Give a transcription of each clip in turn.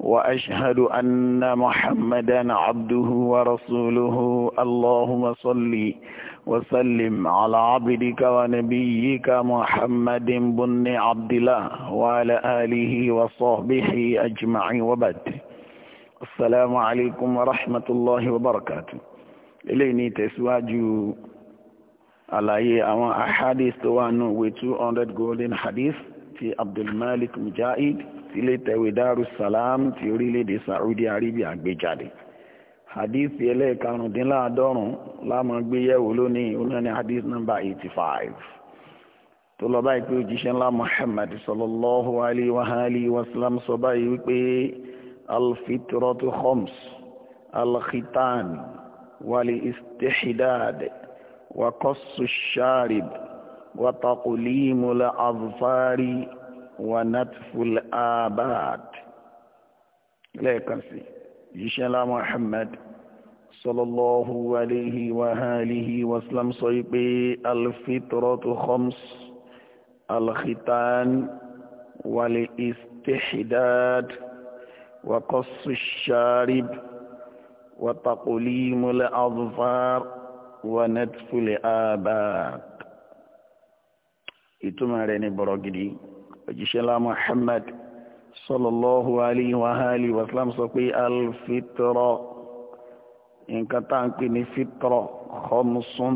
وأشهد أن محمدا عبده ورسوله اللهم صل وسلم على عبدك ونبيك محمد بن عبد الله وعلى آله وصحبه أجمعين وبعد السلام عليكم ورحمة الله وبركاته إليني تسواجو على أحاديث وانو 200 golden حديث في عبد المالك مجاهد sílé tẹ̀wé Darussalam ti orílẹ̀-èdè Saudi Arabia gbé jáde hadithi ẹlẹ́ẹ̀karùndínláàádọ́rùn lámàgbéyẹ̀wò lónìí olóòní hadith number eighty five tó lọ báyìí pé òjíṣẹ́ ńlá Muhammad sallallahu alayhi wa alihi wa sallam sọ báyìí wípé alfitratu khoms alkhitan wali istihdad wa qassu sharib wa taqulimu la azfari wa natful abad lẹ́ẹ̀kan sí yíṣẹ́lá Muhammad sallallahu alayhi wa alihi wa sallam sọ pé alfitratu khams alkhitan wal istihdad wa qassu sharib wa taqlimul adfar wa natful abad ìtumọ̀ rẹ̀ ni bọ̀rọ̀ gidi òjíṣẹ́ ńlá Muhammad sallallahu alayhi wa alihi wa sallam sọ pé alfitrọ nǹkan tá à ń pè ní fitrọ khamsun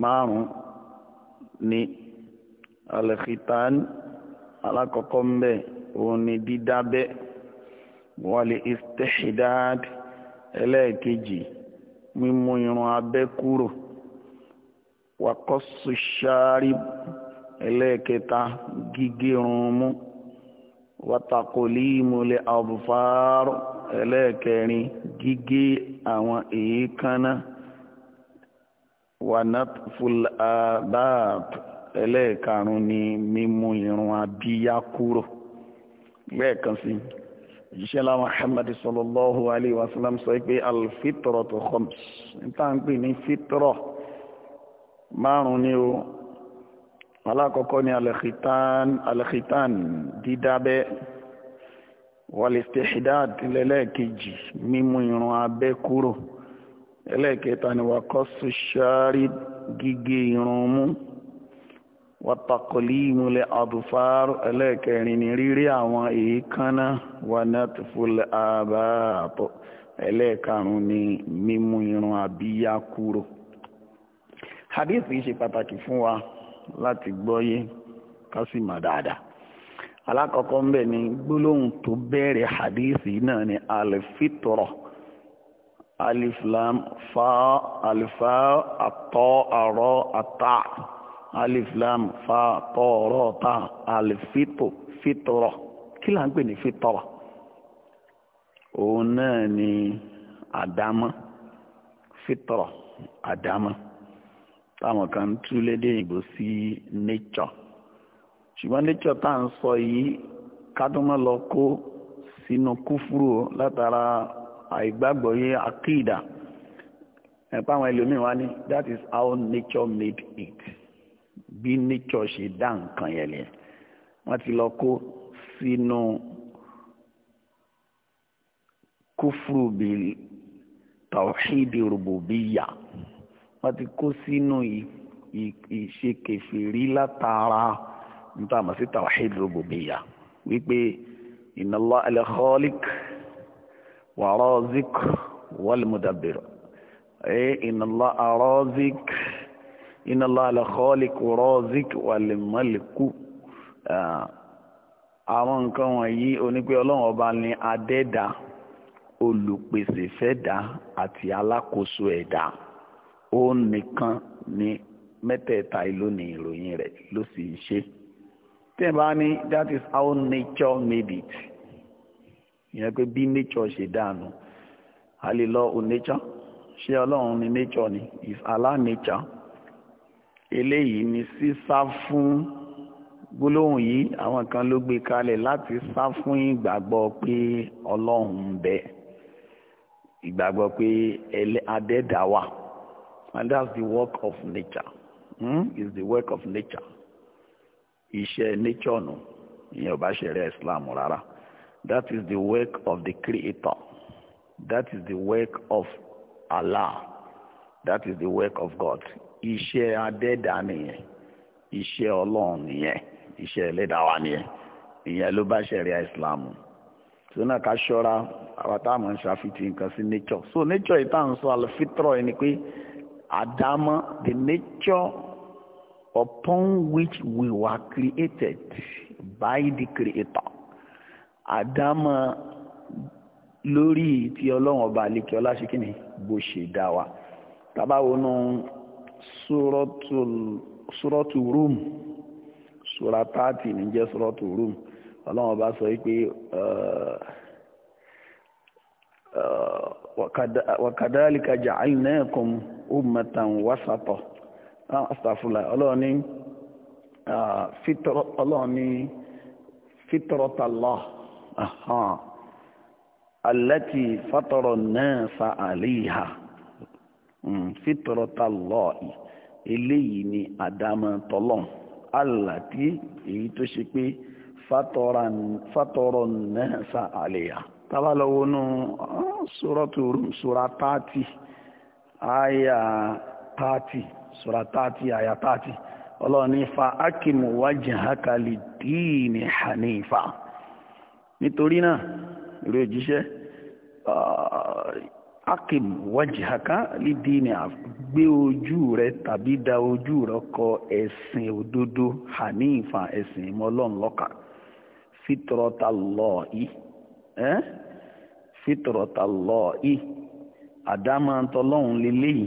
márùn ni alkhitan alákọ̀ọ́kọ́ ń òun ni dídábẹ́ wal istihdad ẹlẹ́ẹ̀kejì mímú irun abẹ́ kúrò wàkọ́sù ṣáárì ẹlẹ́ẹ̀kẹta gígérun mú watakolimu le abufaaru ẹlẹ́ẹ̀kẹrin gígé àwọn èékánná wanatful abab ẹlẹ́ẹ̀karùn ni mímú irun abíyá kúrò lẹ́ẹ̀kan sí ìṣẹ́lá muhammad sallallahu alayhi wa sallam sọ pé alfitratu khams níta ń pè ní fitrọ márùn ni o alákọ̀ọ́kọ́ ni alẹ́kìtán alẹ́kìtán dídábẹ́ walistihdad lẹ́lẹ́kejì mímú irun abẹ́ kúrò ẹlẹ́kẹta ni wakọ́sù ṣáárí gígé irun mú watakọ̀lì ìmúlẹ̀ àdùfáàrù ẹlẹ́kẹrin ni rírí àwọn èékánná wanatfulẹ̀ àbáàtọ̀ ẹlẹ́karùn ni mímú irun abíyá kúrò hadith yìí ṣe pàtàkì fún wa láti gbọ́yé ká sì mọ̀ dáadáa alákọ̀ọ́kọ́ ń bẹ̀ ni gbólóhùn tó bẹ̀rẹ̀ hadithi náà ni alifitoro aliflam fa alifa atọ arọ ata aliflam fa tọ ọrọ ta alifito fitoro kí là ń pè ní fitoro òun náà ni àdámọ́ fitoro àdámọ́ táwọn kan ń tú lédè ìbò sí nature ṣùgbọ́n nature tá à ń sọ yìí kádùnmọ́ lọ kó sínú kúfúrú látara àìgbàgbọ́ yé akídà ẹ̀pá àwọn ẹlòmíín wá ní that is how nature made it bí nature ṣe dá nǹkan yẹn lẹ̀ wọ́n ti lọ kó sínú kúfúrú bíi tawhidi rububiya wọ́n ti kó sínú ìṣe kèfèrí látara níta mọ̀ sí tawhid rububiyyah wípé inna Allah al-khaliq wa razik wal mudabbir ee inna Allah ar-razik inna Allah al-khaliq wa razik wal maliku àwọn nǹkan wọ̀nyí onípe ọlọ́run ọba ni adẹ́dà olùpèsè fẹ́dà àti alákòóso ẹ̀dá. E òun nìkan ni mẹ́tẹ̀ẹ̀ta ìlú ni ìròyìn rẹ̀ ló sì ń ṣe tí ẹ bá ní that is how nature made it ìyẹn pé bí nature ṣe dànù a lè lọ o nature ṣé ọlọ́run ni nature ni is Allah nature eléyìí ni sísá fún gbólóhùn yìí àwọn kan ló gbé kalẹ̀ láti sá fún ìgbàgbọ́ pé ọlọ́run ń bẹ ìgbàgbọ́ pé adẹ́dàá wà and that's the work of nature hmm? is the work of nature iṣẹ́ nature nù ìyẹn ò bá Islam rárá that is the work of the creator that is the work of Allah that is the work of God iṣẹ́ adẹ́dà nìyẹn iṣẹ́ Ọlọ́run nìyẹn iṣẹ́ ẹlẹ́dàá wa nìyẹn ìyẹn ló bá ṣẹlẹ̀ Islam sọ́nà ká ṣọ́ra àwọn táwọn ń ṣàfihàn nǹkan sí nature so nature yìí tá à ń sọ àlọ́ fitrọ̀ ẹni pé. Adama, the nature upon which we were created by the Creator. Adama lórí ti ọlọ́run ọba àlekè ọlá ṣe kíni bó ṣe dá wa tábà wọnú sùrọ́tù rúm sùrà táàtì níjẹ́ sùrọ́tù rúm ọlọ́run ọba sọ pé wakadhalika ja'alnakum ummatan wasata ah, astafula ọlọ́run ní ah, ọlọ́run ní fitratallah allati fatara an-nasa alayha hmm, fitratallah eléyìí ni àdámọ́ tọlọ́run allati èyí tó ṣe pé fatara an-nasa alayha tábàlọ́wọ́nú ah, suratu rum sura 30 aya 30 sura 30 aya 30 ọlọ́run ní fa akimu wajhaka lidini hanifa nítorí náà ìrò òjíṣẹ́ akim wajhaka lidini gbé ojú rẹ tàbí da ojú rẹ kọ ẹ̀sìn òdodo hanifa ẹ̀sìn ìmọ̀lọ́run lọ́kàn fitrọ́tà lọ́ọ̀ì fitrọ́tà lọ́ọ̀ì àdámọ́ tọlọ́hún leléyìí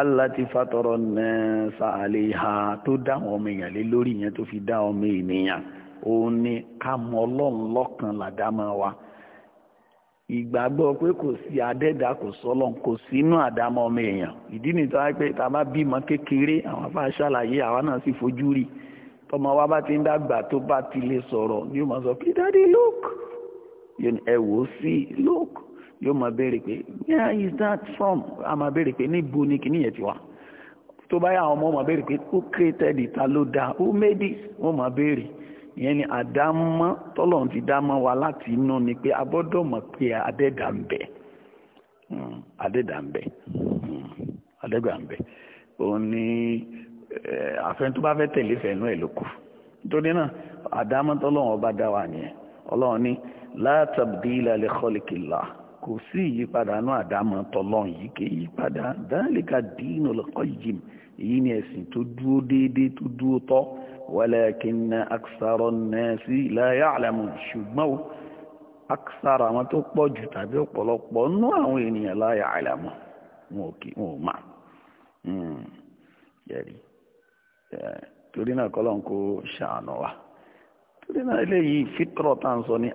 aláti fatọrọ nẹ́ẹ̀sà àléhà tó dá àwọn ọmọ èèyàn lé lórí yẹn tó fi dá ọmọ ènìyàn òun ni ká mọ ọlọ́run lọ́kan làdámọ́ wa ìgbàgbọ́ pé kò sí adẹ́dà kò sọ́lọ́n kò sínú àdámọ́ ọmọ èèyàn ìdí nìta pé tá a bá bímọ kékeré àwọn afá ṣàlàyé àwa náà sì fojú rí tọmọ wa bá ti ń dàgbà tó bá ti lè sọ̀rọ̀ ni ó máa sọ pé daddy look ẹ wò ó sí look yóò máa béèrè pé where is that from a máa béèrè pé níbo ni kìíní yẹn ti wá tó bá yà ọmọ máa béèrè pé who created it ta ló dáa who made it wọ́n máa béèrè ìyẹn ni àdámọ́ tọ́lọ́run ti dámọ́ wa láti inú ni pé a gbọ́dọ̀ mọ̀ pé adẹ́dà ń bẹ hmm, adẹ́dà ń bẹ hmm, adẹ́dà ń bẹ òun ni eh, àfẹn tó bá fẹ́ tẹ̀lé fẹ̀nú ẹ̀ ló kù nítorí náà àdámọ́ tọ́lọ́run ọba dá wa nìyẹn ọlọ́run ní la tabdila li khalqillah kò sí ìyípadà náà àdámọ́ tọlọ́n yìí kì í yípadà dáńlẹ́ka dínú lọ́kọ́ yìí èyí ni ẹ̀sìn tó dúró déédéé tó dúró tọ́ aksara la ya'lamun ṣùgbọ́n o aksara àwọn tó pọ̀ jù tàbí ọ̀pọ̀lọpọ̀ nú àwọn ènìyàn wọn ò wọn ò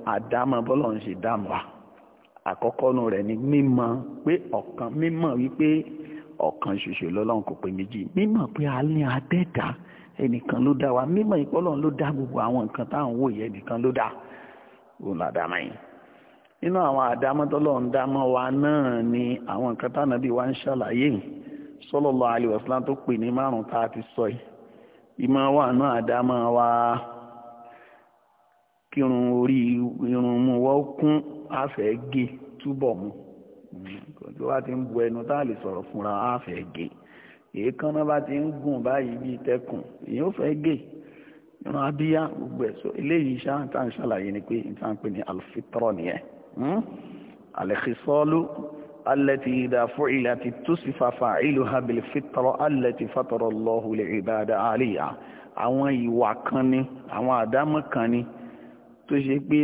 hmm. torí akọkọ rẹ̀ ni mímọ̀ pé ọ̀kan wípé ọ̀kan ṣoṣo lọ́lọ́run kò pé méjì mímọ̀ pé a ní adẹ́dá ẹnìkan ló dá wa mímọ̀ ìpọ́lọ́run ló dá gbogbo àwọn nǹkan táwọn wò yẹ ẹnìkan ló dá òun làdámọ́ yìí nínú àwọn ni àwọn nǹkan wa ń ṣàlàyé tó pè ní márùn-ún tá a ti sọ yìí ìmọ̀ náà wa. kí irun orí irun mu wọ́n kún àfẹ́ gé túbọ̀ mu tó bá ti ń bu ẹnu tá a lè sọ̀rọ̀ fúnra àfẹ́ gé èékánná bá ti ń gùn báyìí bíi tẹkùn èyí ò fẹ́ gé irun abíyá gbogbo ẹ̀ sọ eléyìí ṣá tá à ṣàlàyé ni pé tá à pè ní alfitrọ nìyẹn hmm? alẹ́kìsọ́ọ́lù alẹ́tì ìdàfọ́ ilẹ̀ àti tùsífàfà ìlú habil fitrọ alẹ́tì fatọrọ lọ́hùlẹ̀ ìbàdà àríyá àwọn ìwà kan ni àwọn àdámọ́ kan ni tó ṣe pé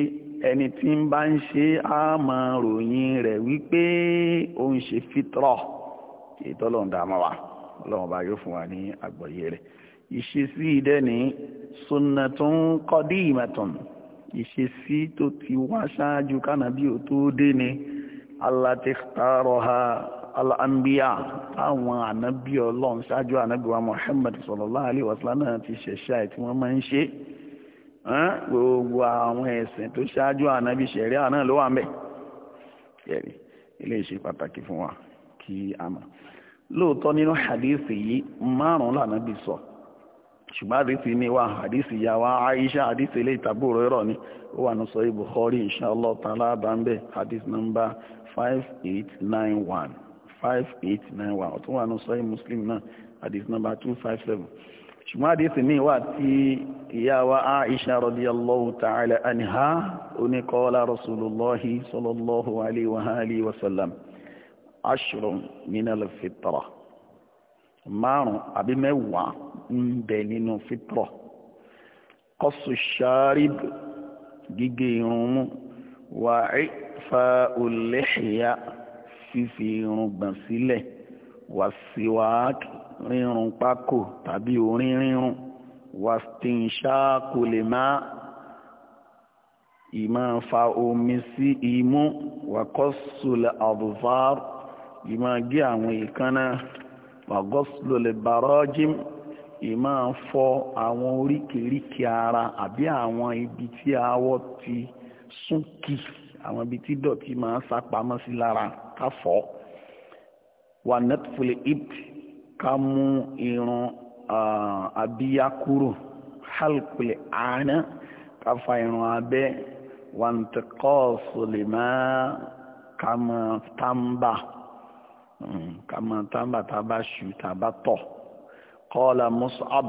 ẹni tí ń bá ń ṣe á máa ròyìn rẹ̀ wípé ó ń ṣe fitrọ ètò ọlọ́run dààmú wa ọlọ́run bá yóò fún wa ní àgbọ́yé rẹ̀ ìṣesí ìdẹ́ni sunnatun qadimatun ìṣesí tó ti wá ṣáájú kánàbí ò tó dé ni allati ikhtaraha táwọn ànábì ọlọ́run ṣáájú ànábì wa Muhammad sallallahu alaihi náà ti ṣẹ̀ṣà tí wọ́n máa ń ṣe gbogbo àwọn ẹ̀sìn tó ṣáájú ànábì ṣẹ̀rí àná ló wà ń bẹ̀ ẹ̀rí ilé ìṣe pàtàkì fún wa kí a mọ̀ lóòótọ́ nínú hadithi yìí márùn-ún lànàbì sọ ṣùgbọ́n hadithi ni wa hadithi ya wa Aisha hadithi ilé ìtàbù rẹ̀ ni ó wà ní sọ́yìn Bukhari inshallah ta'ala bá ń hadith number five eight nine one five eight nine one ọ̀tún wà ní sọ́yìn Muslim náà hadith number two five seven. ṣùgbọ́n àdísì ní wà tí ìyáwá Aisha radiyallahu ta'ala anha oníkọ́ọ́lá rasulullahi sallallahu alaihi wa alihi wa sallam ashrun min al-fitra márùn àbí mẹ́wàá ń bẹ nínú fitra qasu sharib gígé irun wà fa olèṣìyà fífi irun gbọ̀n sílẹ̀ wà síwáàkì rírun pákò tàbí orin rírun wastinshaku lima ìmọ̀ fa omi sí imú wàkọ́sùlẹ̀ àbùfáàr ìmọ̀ gé àwọn ìkánná wàgọ́sùlẹ̀ bàrọ́jìm ìmọ̀ fọ àwọn oríkèéríkèé ara àbí àwọn ibi tí awọ ti súnkì àwọn ibi tí dọ̀tí máa ń sápamọ́ sí lára káfọ́ wà nẹ́tfùlẹ̀ ipt ká mú irun abíyá kúrò halqul ana ká fa irun abẹ́ wàǹtíkọ́ọ̀sù lè máa ká mọ tàǹbà hmm, ká mọ tàǹbà tàbá ṣù tàbá tọ̀ qala Mus'ab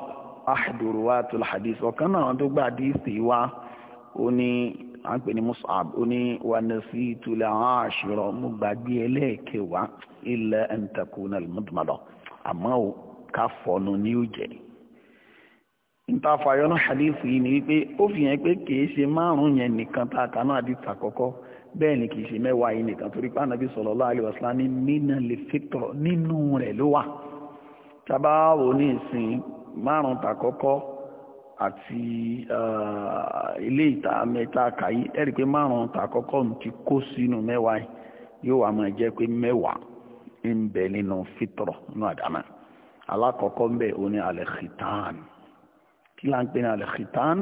ahduruwa tó hadith ọ̀kan náà tó gbà díìsì wá ó ní à ń pè ní Mus'ab ó ní wà ní sí ìtulẹ̀ àwọn àṣírọ̀ mo gbàgbé ẹlẹ́ẹ̀kẹwàá illa an takuna al-mudmada àmọ́ ò ká fọnu ní òjẹ́ níta fàyọ náà hadithu yìí ni wípé ó fi hàn pé kìí ṣe márùn yẹn nìkan tá a kà náà àdìtà kọ́kọ́ bẹ́ẹ̀ ni kìí ṣe mẹ́wàá yìí nìkan torí pé ànábì sallallahu alaihi wasallam ní nínà lè fìtọ̀rọ̀ nínú rẹ̀ ló wà tábà wò ní ìsìn márùn tà kọ́kọ́ àti ilé ìta mẹ́ta kàyí ẹ̀rí pé márùn tà kọ́kọ́ ti kó sínú mẹ́wàá yìí yóò wà máa jẹ́ pé mẹ́wàá ń bẹ nínú fitrọ nínú àdámà alákọ̀ọ́kọ́ ń bẹ òun ni alẹ́kìtàn kí là ń pè ní alẹ́kìtàn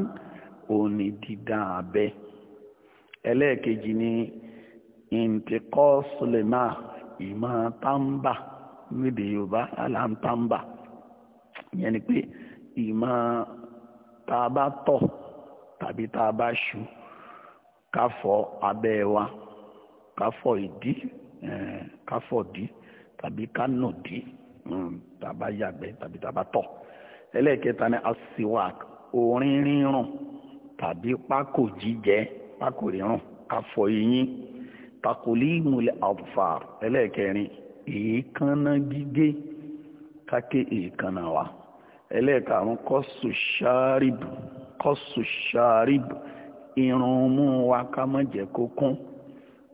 òun ni dídá abẹ́ ẹlẹ́ẹ̀kejì ni ìǹtìkọ́ sùlẹ̀mà ìmọ̀ tàǹbà nídìí yorùbá aláǹtàǹbà ìyẹn ni pé ìmọ̀ tá a tàbí tá a bá ṣu wa ká ìdí ká fọ ìdí tàbí ká nùdí mm, tàbá yàgbẹ́ tàbí tàbá tọ̀ ẹlẹ́ẹ̀kẹta ni asiwak orin rírùn tàbí pákò jíjẹ pákò rírùn káfọ eyín takòlí ìmùlẹ̀ àfàr ẹlẹ́ẹ̀kẹrin èékánná gígé káké èékánná wa ẹlẹ́ẹ̀karùn kọ́sù ṣáárìbù kọ́sù ṣáárìbù irun mú wa ká má jẹ́ kó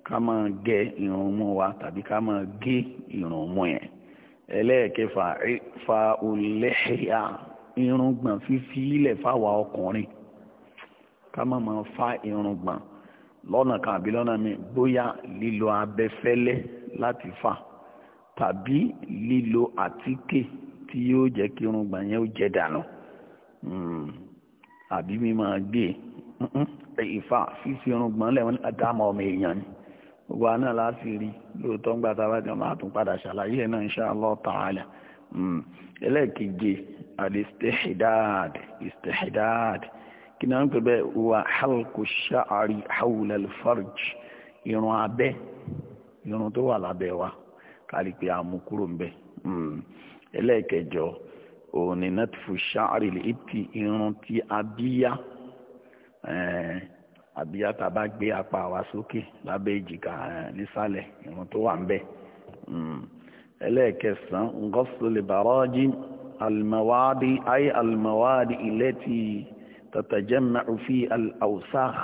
ká máa gé irun mú wa tàbí ká máa gé irun yẹn ẹlẹ́ẹ̀kẹfà fa olẹ́hìá irùngbọ̀n fífi ilẹ̀ fáwa ọkùnrin ká má máa fa irùngbọ̀n lọ́nà kan àbí lọ́nà mi bóyá lílo abẹfẹ́lẹ́ láti fà tàbí lílo àtíkè tí yóò jẹ́ kí irùngbọ̀n yẹn ó jẹ dànù hmm, àbí mi máa gbé hmm, ìfà fífi irùngbọ̀n lẹ́wọ̀n àdámọ́ ọmọ èèyàn ni gbogbo àná láti rí lóòótọ́ ń gbà tá a bá jọ máa tún padà ṣàlàyé ẹ̀ náà insha Allah ta'ala hmm. ẹlẹ́ẹ̀keje al-istihdad istihdad kí náà ń pè bẹ́ẹ̀ wà halku sha'ri hawla al-farj irun abẹ́ irun tó wà lábẹ́ wa kárí pé a ń bẹ̀ hmm. ẹlẹ́ẹ̀kẹjọ òun ni natfu lè ti irun ti abíyá ẹ̀ẹ́ àbí àtàbá gbé apá wa sókè lábẹ́ èjìká nísàlẹ̀ irun tó wà ń bẹ̀. Hmm. ẹlẹ́ẹ̀kẹsàn-án ngọ́sọ̀lẹ̀ bàrọ́jì alimawadi ayé alimawadi ilẹ̀ ti tatajama'u fi al-awsakh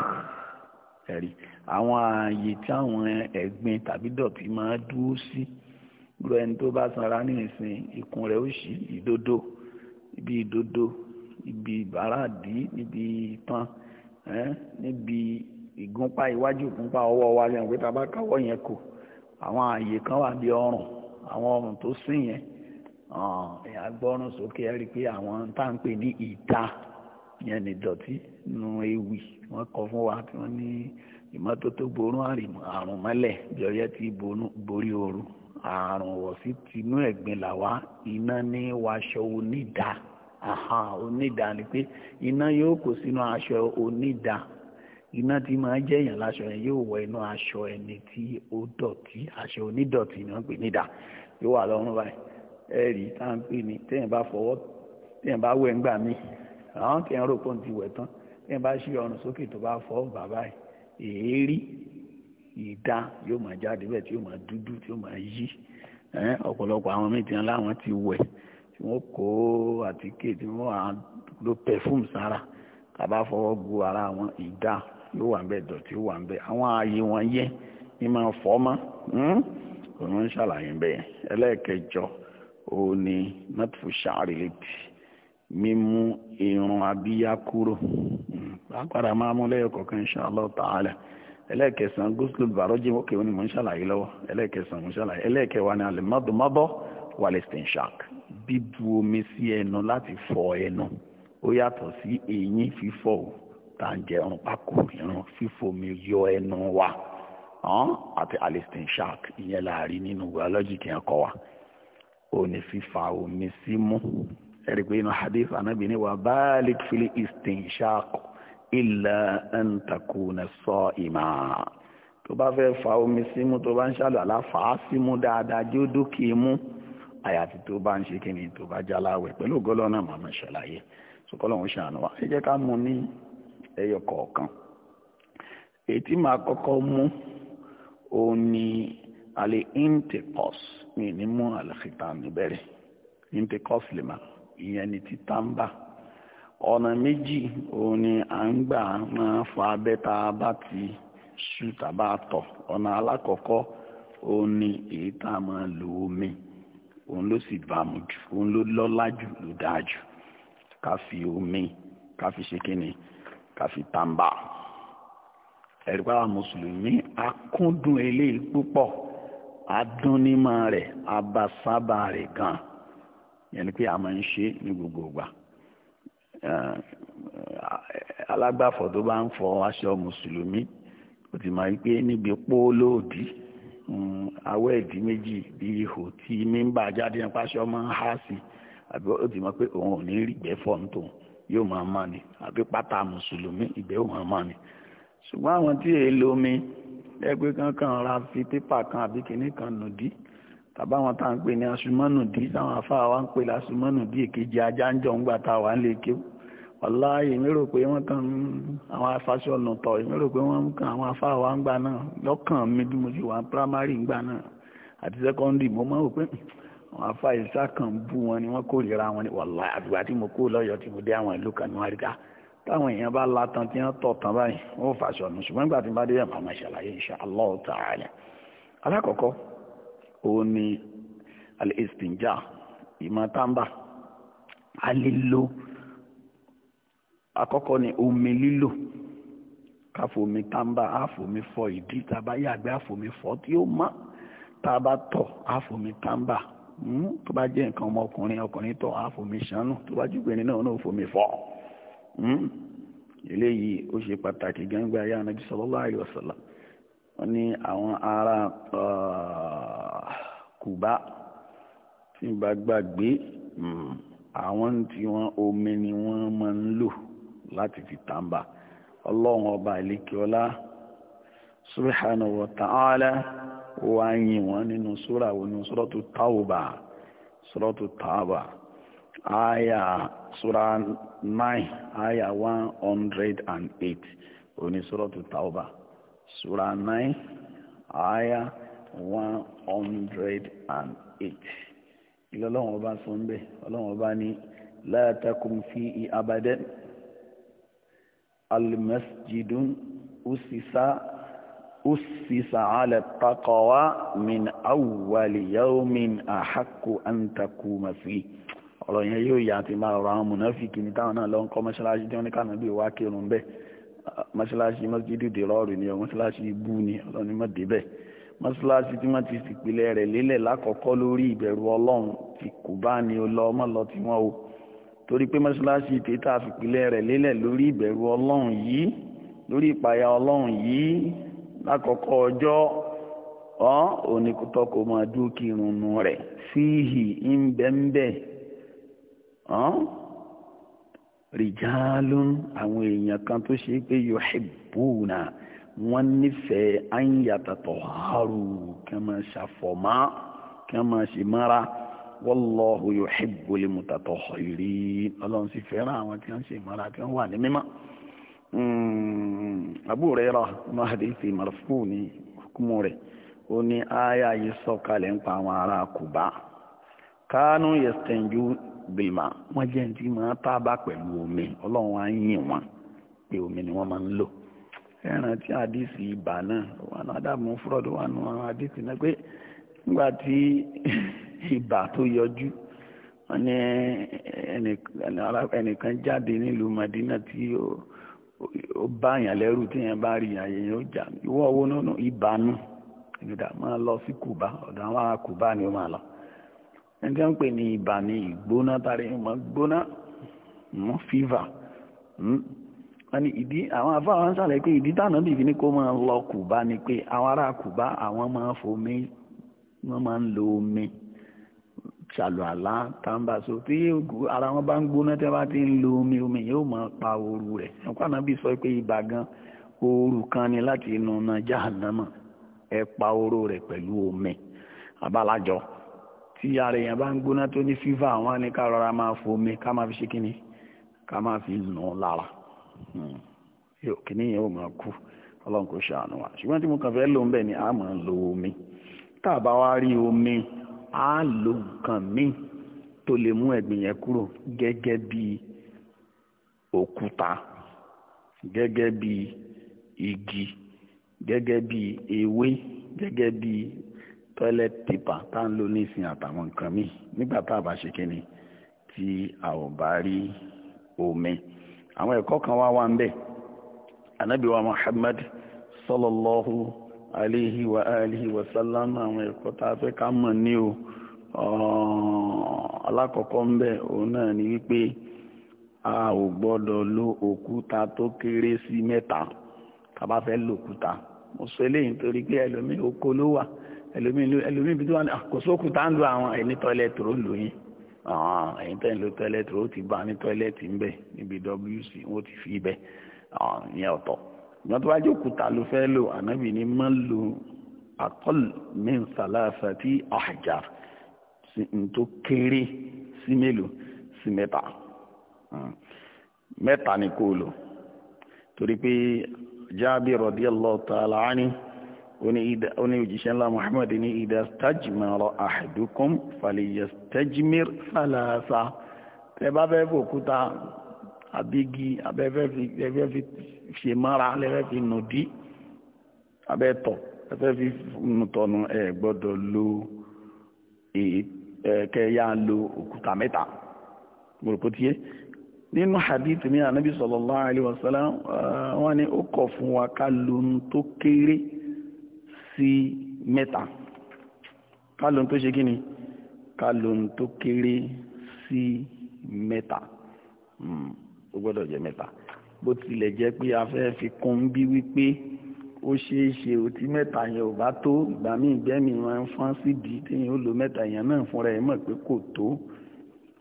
ẹ̀rí àwọn ààyè tí àwọn ẹ̀gbin tàbí dọ̀tí máa dúró sí gbọ́dọ̀ ẹni tó bá sanra ní ìsìn ikùn rẹ̀ ó ṣí ìdodo ibi ìdodo ibi ìbáradì níbi ìtàn níbi ìgúnpá iwájú ìgúnpá ọwọ́ wa lẹ́yìn pé tàbá káwọ́ yẹn kù àwọn ààyè kan wà bí ọrùn àwọn ọrùn tó sìn yẹn èèyàn gbọ́rùn sókè ẹ rí i pé àwọn tá ń pè ní ìta yẹn ní dọ̀tí nínú ewì wọ́n kọ fún wa tí wọ́n ní ìmọ́tótó borún àrùn mọ́lẹ̀ bí ọyẹ́ ti borí ooru àrùn wọ̀ sí tinú ẹ̀gbin làwa iná ní wàṣọ onídàá. àhà onídàá ni pé iná yóò kó sínú aṣọ onídàá iná tí máa jẹ́ èèyàn láṣọ yẹn yóò wọ inú aṣọ ẹni tí ó dọ̀tí aṣọ onídọ̀tí ni wọ́n pè nídà yóò wà lọ́rùn báyìí ẹ̀rí tá à ń pè ní téèyàn bá fọwọ́ téèyàn bá wẹ̀ ńgbà míì àwọn téèyàn rò pé òun ti wẹ̀ tán téèyàn bá ṣí ọrùn sókè tó bá fọ́ bàbá yìí èérí ìdá yóò máa jáde bẹ́ẹ̀ tí yóò máa dúdú tí yóò máa yí ọ̀pọ̀lọpọ̀ àwọn míì láwọn ti wẹ̀ tí wọ́n kó àtíkè tí wọ́n á lo perfume sára kàbá fọwọ́ gbu ara wọn ìdá yóò wà ń bẹ dọ̀tí yóò wà ń bẹ àwọn ààyè wọn yẹ ní máa fọ́ mọ́ hmm? òun ń ṣàlàyé ń yẹn ẹlẹ́ẹ̀kẹjọ òun ni mẹ́tòfù ṣáàrì mímú irun abíyá kúrò hmm. pàápàá máa mú lẹ́yọ̀ kọ̀ọ̀kan insha ta'ala ẹlẹ́ẹ̀kẹsàn gúúsùlù bàrọ́jì òkè òun ni mò ń ṣàlàyé lọ́wọ́ ẹlẹ́ẹ̀kẹsàn mò ń ṣàlàyé ẹlẹ́ẹ̀kẹwàá ni alẹ́ mọ́dọ̀mọ́bọ̀ wal istinshaq bíbu omi sí ẹnu láti fọ ẹnu ó yàtọ̀ sí eyín fífọ̀ o tá à ń jẹ ọrùn pákó ìran fífomi yọ ẹnu wa àti alistin shark ìyẹn láàrin nínú biology kí n kọ wa ó ní fífa omi símú ẹ̀rí pé inú hadith anábì ní wa balik fili istin shark illa an takuna sa'ima tó bá fẹ́ fa omi símú tó bá ń ṣàlù àlá fà á símú dáadáa jó dókè mú àyàfi tó bá ń ṣe kí ni tó bá jáláwẹ̀ pẹ̀lú ògọ́lọ́ náà màmá ṣàlàyé sọkọ́lọ́ ń ṣàánú wa ẹ jẹ́ ká mú ní ẹyọ kọ̀ọ̀kan èyí tí màá kọ́kọ́ mú òun ni àlè intikọ́s mi ní mú àlèkìtà níbẹ̀rẹ̀ intikọ́s lè má ìyẹn ni títà ń bà ọ̀nà méjì òun ni à ń gbà máa fa abẹ́ tá a bá ti ṣú tàbá tọ̀ ọ̀nà alákọ̀ọ́kọ́ òun ni èyí tá a máa lo omi òun ló sì bámu jù òun ló lọ́lá jù ló dáa jù ká fi omi ká fi ṣe kíni ká fi tàǹbà ẹ̀rípàá mùsùlùmí akúndùn eléyìí púpọ̀ adúnímọ̀ rẹ̀ abasábà rẹ̀ gan yẹn ni pé a máa ń ṣe ní gbogbo ìgbà alágbàfọ̀ tó bá ń fọ aṣọ mùsùlùmí ó ti máa ń pé níbi póólóòdì awọ ẹ̀dí méjì bí ihò tí mímbà jáde nípa aṣọ máa ń há sí àbí ó ti mọ̀ pé òun ò ní rí ìgbẹ́ fọ́ ní tòun yóò máa máa ní àbí pátá mùsùlùmí ìgbẹ́ ò máa máa ní ṣùgbọ́n àwọn tí èyí lomi ẹgbẹ́ kankan ra fi pépà kan àbí kinní kan nùdí tàbá wọn tá à ń pè ní asumọ́nùdí táwọn afáwa ń pè lásumọ́nùdí èkejì ajá ń jọ ń gbà tá a wà ń lè kéwù ọláyè mi rò pé wọ́n kàn ń àwọn afáṣọ ọ̀nà tọ̀ mi rò pé wọ́n ń kàn àwọn afá wa ń gbà náà lọ́kàn mi bí mo ṣe wà primary ń gbà náà àti secondary mo máa ń rò pé àwọn afá ìṣá kan bú wọn ni wọ́n kórìíra wọn ni wàlá àdùgbà tí mo kó lọ́yọ̀ọ́ tí mo dé àwọn ìlú kan ní wọn àríkà ah, táwọn èèyàn bá latan tí wọ́n tọ̀ tán báyìí wọ́n ò fàṣọ ọ̀nà ṣùgbọ́n nígbà tí bá dé àmọ́ ṣàlàyé insha Allah ta'ala alákọ̀ọ́kọ́ òun ni al-istinja ìmọ̀ tàǹbà a lo àkọ́kọ́ ni omi lílò káfomi tàǹbà àfomi fọ ìdí tàbá yàgbẹ́ àfomi fọ tí ó mọ́ tàbá tọ̀ àfomi tàǹbà hmm? tó bá jẹ́ nǹkan ọmọkùnrin ọkùnrin tọ̀ àfomi ṣánú tó bá jùgbẹ́ni náà náà fomi fọ hmm? eléyìí ó ṣe pàtàkì gbangba ayé anabi sallallahu alaihi wasallam wọn ní àwọn ará ah, Kùbá tí n bá gbàgbé hmm, àwọn tí wọn omi ni wọn máa ń lò láti fi tàǹbà ọlọ́run ọba ìlékiọlá subhanahu wa ta'ala wá yìn wọ́n nínú súra wọn nínú suratu tàwùbà suratu tàwùbà àyà súra 9 àyà 108 òní suratu tàwùbà one hundred and eight ilé ọlọ́run ọba sọ ń bẹ̀ ọlọ́run ọba ní la takum fi abadan. المسجد أسس أسس على التقوى من أول يوم أحق أن تقوم فيه ọ̀rọ̀ yẹn yóò yà àti máa rọ àwọn mùnàfíkì ní táwọn náà lọ ń kọ́ mọ́ṣáláṣí tí wọ́n ní kànáà bí wàá kírun bẹ́ẹ̀ mọ́ṣáláṣí mọ́ṣídìí dèrọ́ọ̀rì ni mọ́ṣáláṣí ibú ni ọlọ́ni má dé bẹ́ẹ̀ mọ́ṣáláṣí tí wọ́n ti fìpìlẹ̀ rẹ̀ lélẹ̀ lákọ̀ọ́kọ́ lórí ìbẹ̀rù ọlọ́run ti kù bá ní o lọ lọ tí wọ́n o torí pé mọ́ṣáláṣí tètè àfipìlẹ̀ rẹ̀ lélẹ̀ lórí ìbẹ̀rù ọlọ́run yìí lórí ìpayà ọlọ́run yìí lákọ̀ọ́kọ́ ọjọ́ ọ́ oníkútọ́ kò máa dúró rẹ̀ fíhì àwọn èèyàn kan tó ṣe pé yuhibbuna wọ́n nífẹ̀ẹ́ àyàtàtọ̀ haru kí wọ́n máa ṣàfọ̀mọ́ kí wallahu yuhibbul mutatahhirin ọlọ́run sì fẹ́ràn àwọn tí wọ́n ṣe ìmọ̀ra tí wọ́n wà ní mímọ́. Hmm, Abu Hurairah ní hadithi marfu ní hukumu rẹ̀ ó ní aya yìí sọ̀kalẹ̀ ń pa àwọn ará Kùbá kánú yastanju bilma wọ́n jẹ́ ní máa tábà pẹ̀lú omi ọlọ́run á yìn wọn pé omi ni wọ́n máa ń lò tí àdìsí náà wọn wọn àdìsí náà pé tí ìbà tó yọjú wọ́n ní ẹnìkan jáde nílùú Madina tí ó bá yàn lẹ́rù tí yẹn bá rí yàn yẹn ó jà ìwọ owó nínú ìbà nù ìdúdà máa lọ sí Kùbá ọ̀dọ̀ àwọn Kùbá ni ó máa lọ ẹni tí wọ́n pè ní ìbà ní ìgbóná tari ìmọ̀ gbóná mọ́ fífà hmm. wọ́n ní ìdí àwọn afáwọn sàlẹ̀ pé ìdí tànà bìbí ní kó máa lọ Kùbá ni pé àwọn ará Kùbá àwọn máa fomi wọ́n máa ń lo omi ṣàlùwàlá tàǹbàṣó tí ara wọn bá ń gbóná tí wọn bá ti ń lo omi omi yóò máa pa ooru rẹ̀ ẹ̀kọ́ ànábì sọ pé ibà gan ooru kan ni láti inú iná jahannama ẹ pa oró rẹ̀ pẹ̀lú omi abálájọ tí ara èèyàn bá ń gbóná tó ní fífà àwọn á ní ká rọra máa fomi ká máa fi ṣe kínní ká máa fi nù ú lára hmm. kínní yẹn ò máa kú ọlọ́run kò ṣàánú wa ṣùgbọ́n tí mo kàn fẹ́ lò ń bẹ̀ ni a máa lo omi tá a bá wá rí omi á lo nǹkan míì tó lè mú ẹ̀gbin yẹn kúrò gẹ́gẹ́ bí òkúta gẹ́gẹ́ bí igi gẹ́gẹ́ bí ewé gẹ́gẹ́ bí toilet paper tá ń lò nísìnyí àtàwọn nǹkan míì nígbà tá a bá ṣe kíni tí a ò bá rí omi àwọn ẹ̀kọ́ kan wá wá ń bẹ̀ anabiwa Muhammad sallallahu alayhi wa sallam. alihi wa aléhi wa sálámà àwọn ẹ̀kọ́ tá fẹ́ ká o alákọ̀ọ́kọ́ ń bẹ̀ òun náà ni wípé a ò gbọ́dọ̀ lo òkúta tó kéré sí mẹ́ta tá bá fẹ́ lo òkúta mo sọ eléyìí pé oko ló wà ẹlòmíì ẹlòmíì bí tí wọ́n kò sókúta ń lo àwọn ẹni ti bá ní tọ́lẹ̀tì ń bẹ̀ wc ti fi ìgbọ́n tó bá jẹ́ òkúta ló fẹ́ lò ànábì ní máa ń lo atọ́l min salasati ahjar sí n tó kéré sí mélòó sí mẹ́ta hmm. mẹ́ta ni kò lò torí pé Jabir radiyallahu ta'ala anhu oní òjíṣẹ́ ńlá Muhammad ní idha stajmara ahadukum falyastajmir salasa tẹ bá fẹ́ fòkúta àbígi abẹ́fẹ́ fi ẹfẹ́ fi ṣe mọ́ra lẹ́fẹ́ fi nù dí abẹ́tọ̀ ẹfẹ́ fi nù tọ̀nù ẹ̀ gbọ́dọ̀ lo kẹ́yà lo òkúta mẹ́ta gbòròpótíyé nínú hadith ní ànábì sallallahu alaihi wasallam ah, wọ́n ní ó kọ̀ fún wa ká lo ohun tó kéré sí mẹ́ta ká lo ohun tó ṣe kí ni ká lo ohun tó kéré sí mẹ́ta. Mm ó gbọ́dọ̀ jẹ́ mẹ́ta bó tilẹ̀ jẹ́ pé a fẹ́ fi kún bí wípé ó ṣeé ṣe òtí mẹ́ta yẹn ò bá tó ìgbà míì gbẹ́mí wọn ń fọ́n sídìí téèyàn ó lo mẹ́ta yẹn náà fúnra ẹ̀ mọ̀ pé kò tó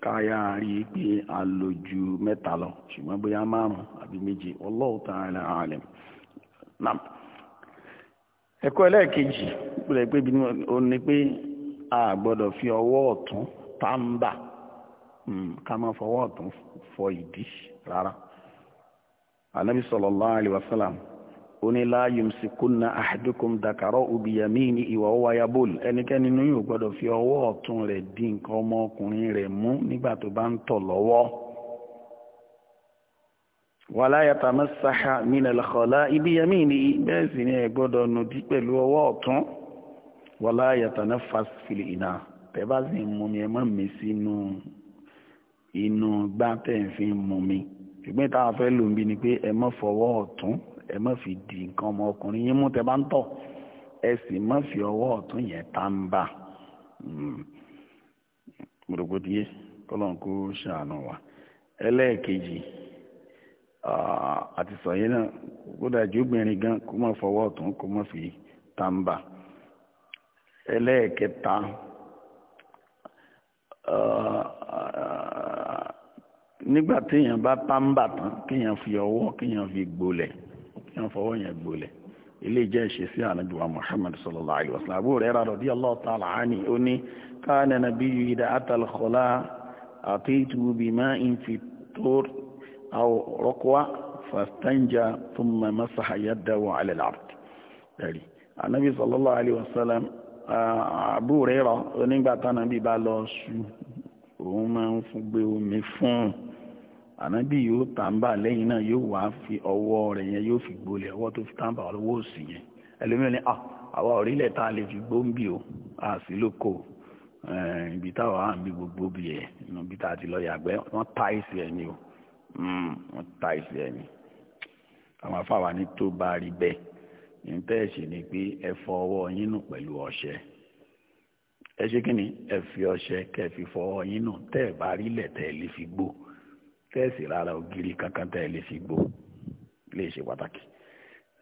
káyà rí i pé a lò ju mẹ́ta lọ ṣùgbọ́n bóyá márùn àbí méje Allahu ta'ala alim nam ẹ̀kọ́ ẹlẹ́ẹ̀kejì pẹ̀lẹ́ pé ó ní pé a gbọ́dọ̀ fi ọwọ́ ọ̀tún tàǹbà hmm, ká má fọwọ́ ọ̀tún fọ ìdí rárá anabi sallallahu alaihi wasallam ó ní la yumsikunna ahadukum dhakarahu biyaminihi wa huwa yabul ẹnikẹ́ni nínú yín ò gbọ́dọ̀ fi ọwọ́ ọ̀tún rẹ̀ dí nǹkan ọmọkùnrin rẹ̀ mú nígbà tó bá ń tọ̀ lọ́wọ́ wàlá yatamassaha minal khala'i biyaminihi sì ni ẹ gbọ́dọ̀ nùdí pẹ̀lú ọwọ́ ọ̀tún wàlá yatanafas fil ina tẹ́ sì ń mú mi ẹ má mi sínú inú gbá tẹ̀ ń fi mú mi ṣùgbọ́n ìta ni pé ẹ fọwọ́ ọ̀tún ẹ fi di nǹkan ọmọkùnrin yín mú tẹ bá ń tọ̀ fi ọwọ́ ọ̀tún yẹn tá ń bà hmm. ṣàánú wa ẹlẹ́ẹ̀kejì àti sọ̀yìn náà gan kó fọwọ́ fi tá ń bà ẹlẹ́ẹ̀kẹta. nígbà téèyàn bá pàmbà tán kéèyàn fi ọwọ́ kéèyàn fi gbolẹ̀ kéèyàn fọwọ́ yẹn gbolẹ̀ ilé jẹ́ ìṣe sí ànábìwá muhammad sallallahu alayhi wa sallam abu rẹ̀ rárá ọdí allah ta'ala ani ó ní káàní nàbí yìí ìdá àtàlùkọ́lá àti ìtùbí máa ń fi tó rọ́kọ́wá fàstánjà tó mọ̀ masaha yaddahu ala al-ard dari ànábì sallallahu alayhi wa sallam abu rẹ̀ rọ̀ onígbà tánàbí bá lọ sùn òun máa ń gbé omi fún un ànábì yóò tàǹbà lẹ́yìn náà yóò wá fi ọwọ́ rẹ̀ yẹn yóò fi gbolẹ̀ ọwọ́ tó fi tàǹbà ọwọ́ òsì yẹn ẹlòmíràn ni ah àwa orílẹ̀ tá a lè fi gbóǹbì o a sì lóko ibi táwa à ń bí gbogbo bì ẹ̀ ibi tá a ti lọ yàgbẹ́ wọ́n ta ìsì ẹ̀ ni o hmm, wọ́n ta ìsì ẹ̀ ni àwọn afáwa ní tó bá rí bẹ́ẹ̀ ní tẹ́ẹ̀sì ni pé ẹ fọ ọwọ́ yín nù pẹ̀lú ọṣẹ ẹ ṣe kí ni ẹ fi ọṣẹ kẹ́ fi fọ ọwọ́ nù tẹ́ẹ̀ bá rí lẹ̀ tẹ́ẹ̀ lè fi gbó tẹ́ẹ̀sì rárá ògiri kankan tẹ́ ẹ lè fi gbó lè ṣe pàtàkì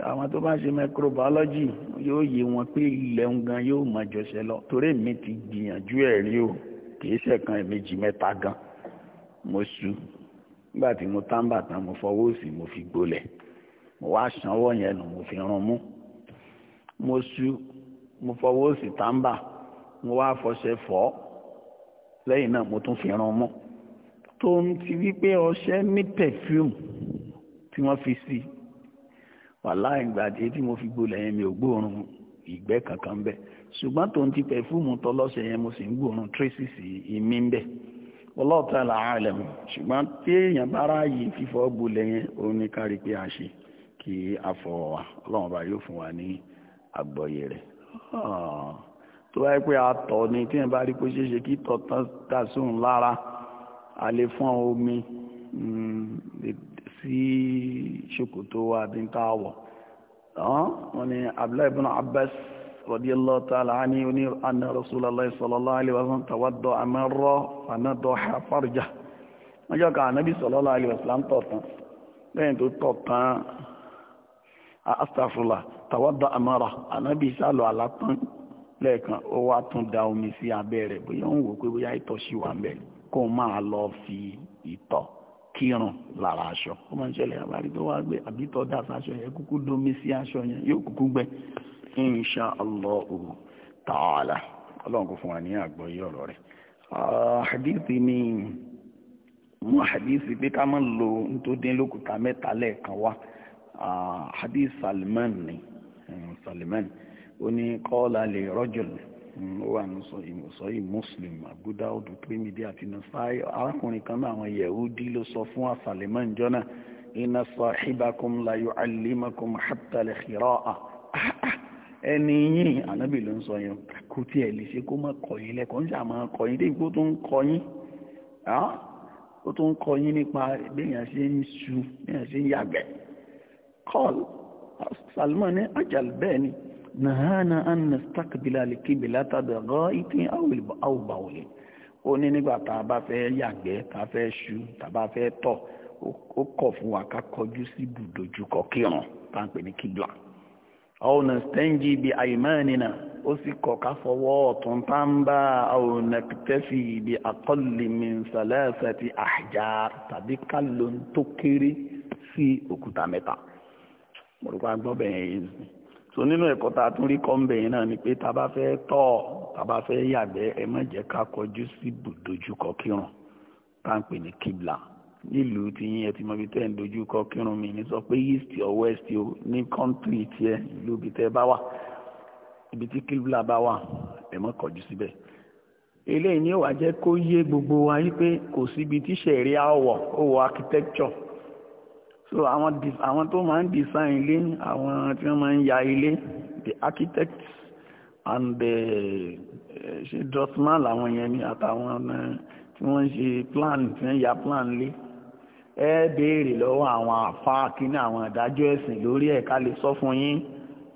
àwọn tó bá ṣe microbiology yóò yé wọn pé ilẹ̀ ń gan yóò máa jọṣẹ lọ torí mi ti gbìyànjú ẹ̀ rí o kìí ṣẹ̀kan ẹ̀mejì mẹ́ta gan mo ṣu nígbà tí mo tábà tán mo fọwọ́ òsì mo fi gbolẹ̀ mo wá sanwó yẹn nù mo fi rún mú mo ṣu mo fọwọ́ òsì tábà mo wá fọṣẹ fọ́ lẹ́yìn náà mo tún fi rún mú tó ń ti wípé ọṣẹ ní perfume tí wọ́n fi sí wàhálà ìgbà tí mo fi gbolẹ̀ yẹn mi ò gbóòórùn ìgbẹ́ kankan bẹ́ẹ̀ ṣùgbọ́n tó ń ti pẹ̀fúmù tọlọ́ṣẹ yẹn mo sì ń gbóòórùn traces ìmí ń bẹ̀ wallahu ta'ala a'lam ṣùgbọ́n tí èèyàn bá ráàyè fífọ́ gbolẹ̀ yẹn ó ní kárí pé a ṣe kí a fọ wa ọlọ́run bá yóò fún wa ní àgbọ̀yé rẹ̀ ah, tó wáyé pé a tọ̀ ni tí èèyàn bá rí pé ṣeéṣe kí tọ̀ tán dà sóhun lára a lè fún omi mm, sí ṣòkòtò wa àbí nǹkan àwọ̀ wọn ni abdullahi ibn abbas radiyallahu ta'ala ani oní anna rasulallah sallallahu alaihi wa sallam tawaddo amarro fanadọ hafarja wọn jọ ka anabi sallallahu alaihi wasallam sallam tọ̀ tán lẹ́yìn tó tọ̀ a astafula tawaddo amara anabi sálọ alátán lẹ́ẹ̀kan ó wá tún da omi sí abẹ́ rẹ̀ bóyá ń wò pé bóyá ìtọ̀ sí wà ń bẹ̀rẹ̀ kó máa lọ fi ìtọ̀ kírun lára aṣọ ó máa ń ṣẹlẹ̀ àbárí tó wá gbé àbítọ́ dà sáṣọ yẹn kúkú domi sí aṣọ yẹn yóò kúkú gbẹ insha ta'ala ọlọ́run kò fún wa ní rị ọ̀rọ̀ rẹ̀ hadithi ah, mi mú hadithi pé ká lo nítòdínlókùtà mẹ́ta lẹ́ẹ̀kan wá salimani ah, salimani hmm, ó ní Mm, ó wà ní sọ́yì muslim abudawudu tirimidi àti nasai arákùnrin kan náà àwọn yahudi ló sọ fún asalemọ́ ìjọ náà iná sahibakum la yu'allimakum hatta al-khira'a ẹni yìí ànábì ló ń sọ yẹn kò tiẹ̀ lè ṣe kó má kọ́ yín lẹ́kọ̀ọ́ ń ṣàmọ́ kọ́ yín débi tó ń kọ́ ó tó ń kọ́ yín nípa béèyàn ṣe ń su béèyàn ṣe ń yàgbẹ́ kọ́ọ̀lù salman ní ajal bẹ́ẹ̀ ni. نهانا أن نستقبل القبلة بغائط أو بول ó ní nígbà tá a bá fẹ́ yàgbẹ́ tá a fe ṣu tá a bá fẹ́ tọ̀ ó kọ̀ fún wa ká kọjú sí ibùdójúkọ kírun tá à ń pè ní kíbla ọ̀nà stẹ́ńjì bíi àyèmánìnà ó sì kọ̀ ká fọwọ́ ọ̀tún a so nínú ẹ̀kọ́ tá tún rí kọ́ńbẹ̀ yẹn náà ni pé tá a bá fẹ́ tọ̀ tá a bá fẹ́ yàgbẹ́ ẹ má jẹ́ ká kọjú sí dojúkọ kírun tá à ń pè ní kíbla nílùú tí yín ẹ ti mọ ibi tẹ́ ẹ̀ ń dojúkọ kírun mi ní sọ pé east or west o ní kọ́ńtì tiẹ̀ ìlú ibi tẹ́ bá wà ibi tí kíbla bá wà ẹ má kọjú síbẹ̀ eléyìí ni ó wàá jẹ́ kó yé gbogbo wa yí pé kò síbi tíṣẹ̀rí àwọ̀ ó wọ architecture so àwọn àwọn tó máa ń design ilé àwọn tí wọ́n máa ń ya ilé the architects and the eh, ṣe dressman làwọn yẹn ni àtàwọn eh, tí wọ́n ń ṣe plan tí wọ́n ya plan lé ẹ béèrè lọ́wọ́ àwọn àfáà kíní àwọn ìdájọ́ ẹ̀sìn lórí ẹ̀ ká lè sọ fún yín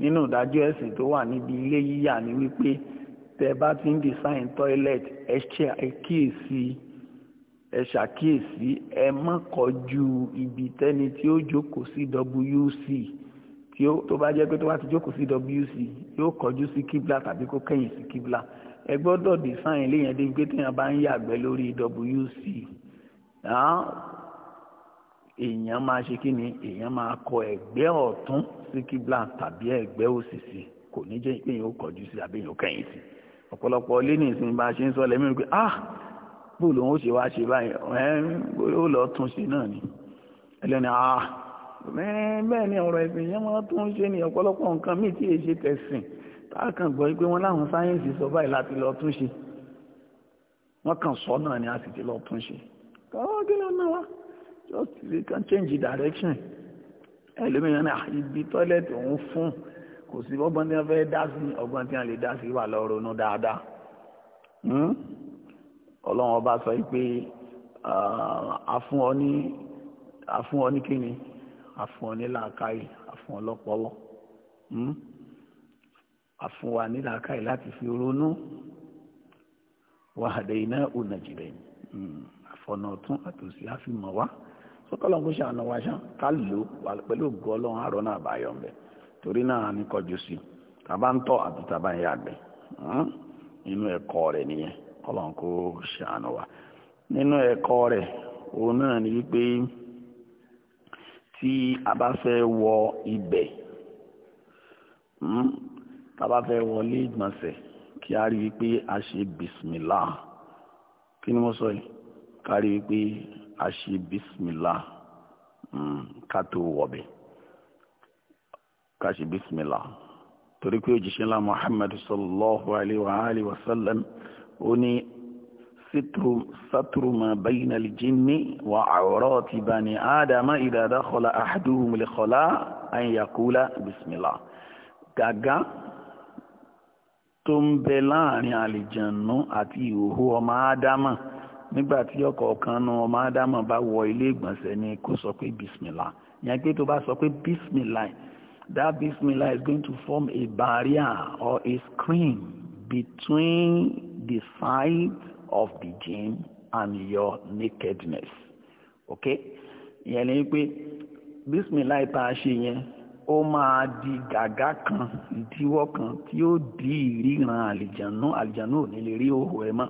nínú ìdájọ́ ẹ̀sìn tó wà níbi ilé yíyà ni wípé tẹ bá ti ń design toilet ẹ ṣe àkíyèsí. E ẹ ṣàkíyèsí ẹ má kọjú ibi tẹ́ni tí ó jókòó sí WC tí ó tó bá jẹ́ pé tó bá ti jókòó sí WC yóò kọjú sí kíbla tàbí kó kẹ́yìn sí kíbla ẹ gbọ́dọ̀ design léyìn dé pé téèyàn bá ń yàgbẹ́ lórí WC ah, èèyàn máa ṣe kí ni èèyàn máa kọ ẹ̀gbẹ́ ọ̀tún sí kíbla tàbí ẹ̀gbẹ́ òsì sí kò ní jẹ́ pé èèyàn ó kọjú sí àbí èèyàn kẹ́yìn sí ọ̀pọ̀lọpọ̀ lẹ́nìí ìsinmi bá a ṣe ń sọ lẹ́mìí pé ah bó lòun ó ṣe wá ṣe báyìí ó lọ tún ṣe náà ni ẹlẹ́ni àá ah, bẹ́ẹ̀ ni ọ̀rọ̀ ẹ̀sìn yẹn máa tún ṣe ni ọ̀pọ̀lọpọ̀ nǹkan míì tí èṣe tẹ̀sìn táàkàn gbọ́ pé wọ́n láwọn sáyẹ́ǹsì sọ báyìí láti lọ tún ṣe wọ́n kàn sọ náà ni a sì ti lọ tún ṣe kọ́wọ́ kí náà wá just they can change direction ẹlòmíràn ní ah, ibi tọ́lẹ̀tì òun fún kò sí ọgbọ́n tí wọ́n fẹ́ dá sí ọgbọ́n tí wọ́n lè dá sí wà lọ́rọ̀ dáadáa. Hmm? ọlọ́run ọba sọ pé afún ọ ní afún ọ ní kíni afún ọ ní làákàyè afún ọ lọ́pọlọ hmm? afún wa ní làákàyè láti fi ronú iná hmm, àtòsí àfihàn wa wa wà pẹ̀lú ògùn ọlọ́run àárọ̀ náà ń bẹ̀ torí náà ní kọjú sí tàbá ń àti tàbá ń yàgbẹ́ hmm? inú ẹ̀kọ́ kọ́lọ́n kó ṣàánú wa nínú ẹ̀kọ́ rẹ̀ òun náà ni wípé tí a bá fẹ́ wọ ibẹ̀ hmm, tá a bá fẹ́ wọlé ìgbọ̀nsẹ̀ kí a rí wípé a ṣe bisimilá kí ni mo sọ yìí ká rí wípé a ṣe bisimilá hmm, ká tó wọ̀bẹ̀ ká ṣe bisimilá torí pé òjíṣẹ́ ńlá Muhammad sallallahu alayhi wa alihi wa sallam ó ní sátúrù ma bayna al-jinni wa awrati bani ádámà idha dakhala ahaduhum al-khala' an yaqula bismillah gàgá tó ń bẹ láàrin àlìjànú àti ìhòhò ọmọ ádámà nígbà tí ọ̀kọ̀ọ̀kan nu ọmọ ádámà bá wọ ilé ìgbọ̀nsẹ̀ ni kó sọ pé bismillah yẹn pé tó bá sọ pé bismillah that bismillah is going to form a barrier or a screen between the sight of the gym and your nakedness. Okay, ìyẹn ni pé bisimilayi tá a ṣe yẹn ó máa di gàgá kan ìdíwọ́ kan tí ó di ìríran àlìjànú àlìjànú ò ní lè rí òhò ẹ̀ mọ́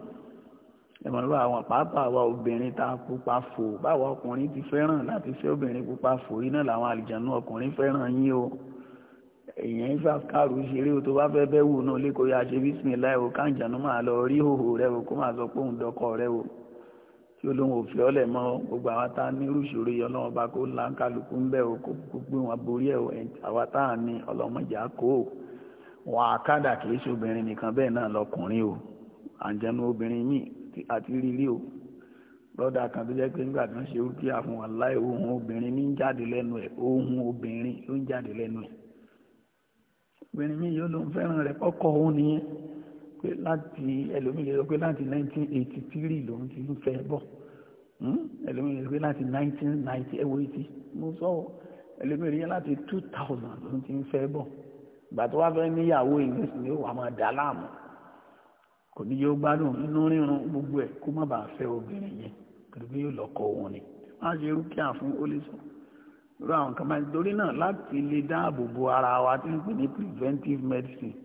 ẹ̀mọ́ ló àwọn pàápàá wa obìnrin tá a pupa fò báwa ọkùnrin ti fẹ́ràn láti fẹ́ obìnrin pupa fò iná làwọn àlìjànú ọkùnrin fẹ́ràn yín o. èèyàn ń fàkàrù ṣeré o tó bá fẹ́ bẹ́ wù náà lẹ́kọ̀ọ́ yà ṣe bísímìlá o máa lọ rí hòhò rẹ o kó máa sọ pé òun o tí olóhùn òfin ọ̀lẹ̀ mọ́ gbogbo àwa tá a ní yìí kó ńlá kálukú ń o kó gbé wọn borí ẹ̀ o àwa tá a ní ọlọ́mọjà kó o wọn obìnrin nìkan bẹ́ẹ̀ náà lọkùnrin o àǹjẹ̀nu obìnrin míì àti rírí o lọ́dà kan obìnrin mi yóò ló ń fẹ́ràn rẹ̀ kọ́kọ́ òun nìyẹn pé láti ẹlòmíì lè pé láti 1983 lòun ti ń fẹ́ bọ̀ hmm? ẹlòmíì lè pé láti 1990 ẹwọ́ etí mo sọ ẹlòmíì rí láti 2000 lòun ti ń fẹ́ bọ̀ ìgbà tó wá fẹ́ níyàwó ìgbésìn ni ó wà máa dà láàmú kò ní yóò gbádùn inú rírun gbogbo ẹ̀ kó má bàa fẹ́ obìnrin yẹn pẹ̀lú bí yóò lọ́kọ òun ni má ṣe rúkìá fún ó irú àwọn kan máa ń torí náà láti lè dáàbò bo ara wa tí ń pè ní preventive medicine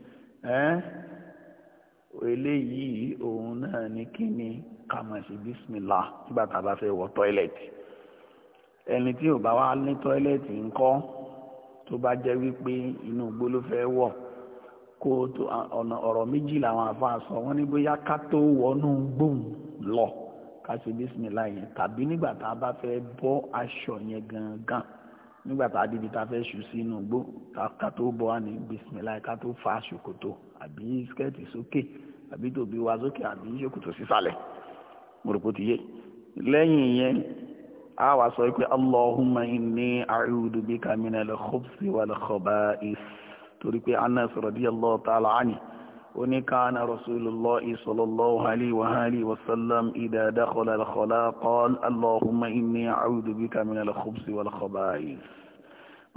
eléyìí òun náà ní kí ni ká máa ṣe bísímìlà nígbà tá a bá fẹ́ wọ tọ́ílẹ̀tì ẹni tí ò bá wá ní tọ́ílẹ̀tì ńkọ́ tó bá jẹ́ wípé inú igbó ló fẹ́ wọ̀ kó ọ̀nà ọ̀rọ̀ méjì làwọn àfáà sọ wọ́n ní bóyá ká tó wọnú gbòǹ lọ ká ṣe bísímìlà yẹn tàbí nígbà tá a bá fẹ́ bọ́ aṣọ yẹn gangan nígbà tá a débi tá a fẹ́ ṣu sínú igbó ká tó bọ́ wá ní bisimilayi ká tó fa ṣòkòtò àbí skẹ́ẹ̀tì sókè àbí tòbí wa sókè àbí ṣòkòtò sísàlẹ̀ mo rò pé ti yé lẹ́yìn yẹn a wá sọ pé allahumma inni a'udhu bika minal khubsi wal khaba'is torí pé anas radiyallahu ta'ala anhu. ونكان رسول الله صلى الله عليه وآله وسلم إذا دخل الخلاء قال اللهم إني أعوذ بك من الخبث والخبائث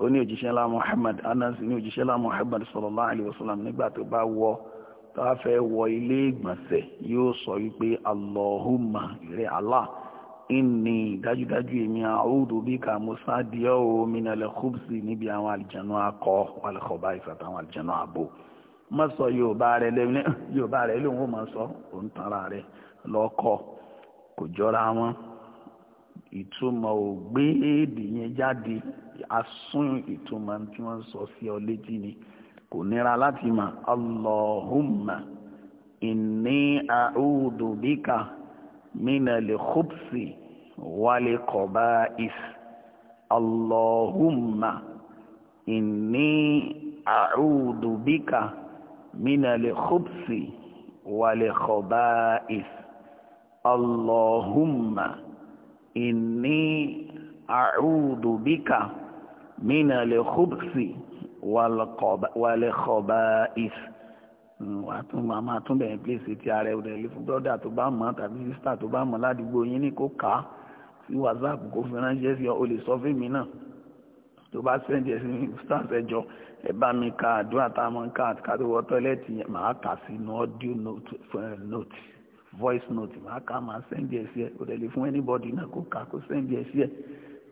oní òjíṣẹ́ ńlá Muhammad Anas ní òjíṣẹ́ ńlá Muhammad sallallahu alaihi wasallam nígbà tó bá wọ tó bá fẹ́ wọ ilé ìgbọ̀nsẹ̀ yóò sọ wípé Allahumma rẹ̀ Allah inni dájúdájú èmi a'udhu bika musa díẹ̀ o minal khubsi níbi àwọn àlìjẹ̀nú akọ wal khaba'is àtàwọn àlìjẹ̀nú àbò má sọ yorùbá rẹ lẹ́nu yorùbá rẹ lòun ò máa sọ òun tanra rẹ lọ́kọ̀ kò jọra wọn ìtumọ̀ ò gbé èdè yẹn jáde asún ìtumọ̀ tí wọ́n sọ sí ọ létí ni kò nira láti mọ̀ allahumma inni a'udhu mina lè khubsi wálé kọba is allahumma inni a'udhu من le khubsi اللهم إني أعوذ بك من a'udhu bika hmm, wà á tún máa tún bẹ̀rẹ̀ pílẹ̀sì ti ààrẹ òdẹ̀ ilé fún brọ́dà tó bá mọ̀ tàbí sísítà tó bá mọ̀ ládùúgbò yín ní kó kà á sí wàsáàpù kó fi ránṣẹ́ sí ọ o sọ fún mi náà tó bá sẹ́ndì ẹ̀ sí stars ẹjọ́ ẹ bá mi ka àdúrà tá a mọ̀ ká ká tó wọ tọ́lẹ́ẹ̀tì màá kà sí inú audio note note voice note màá kà máa sẹ́ndì ẹ̀ sí ẹ̀ kò dẹ̀ fún anybody náà kó kà kó sẹ́ndì ẹ̀ sí ẹ̀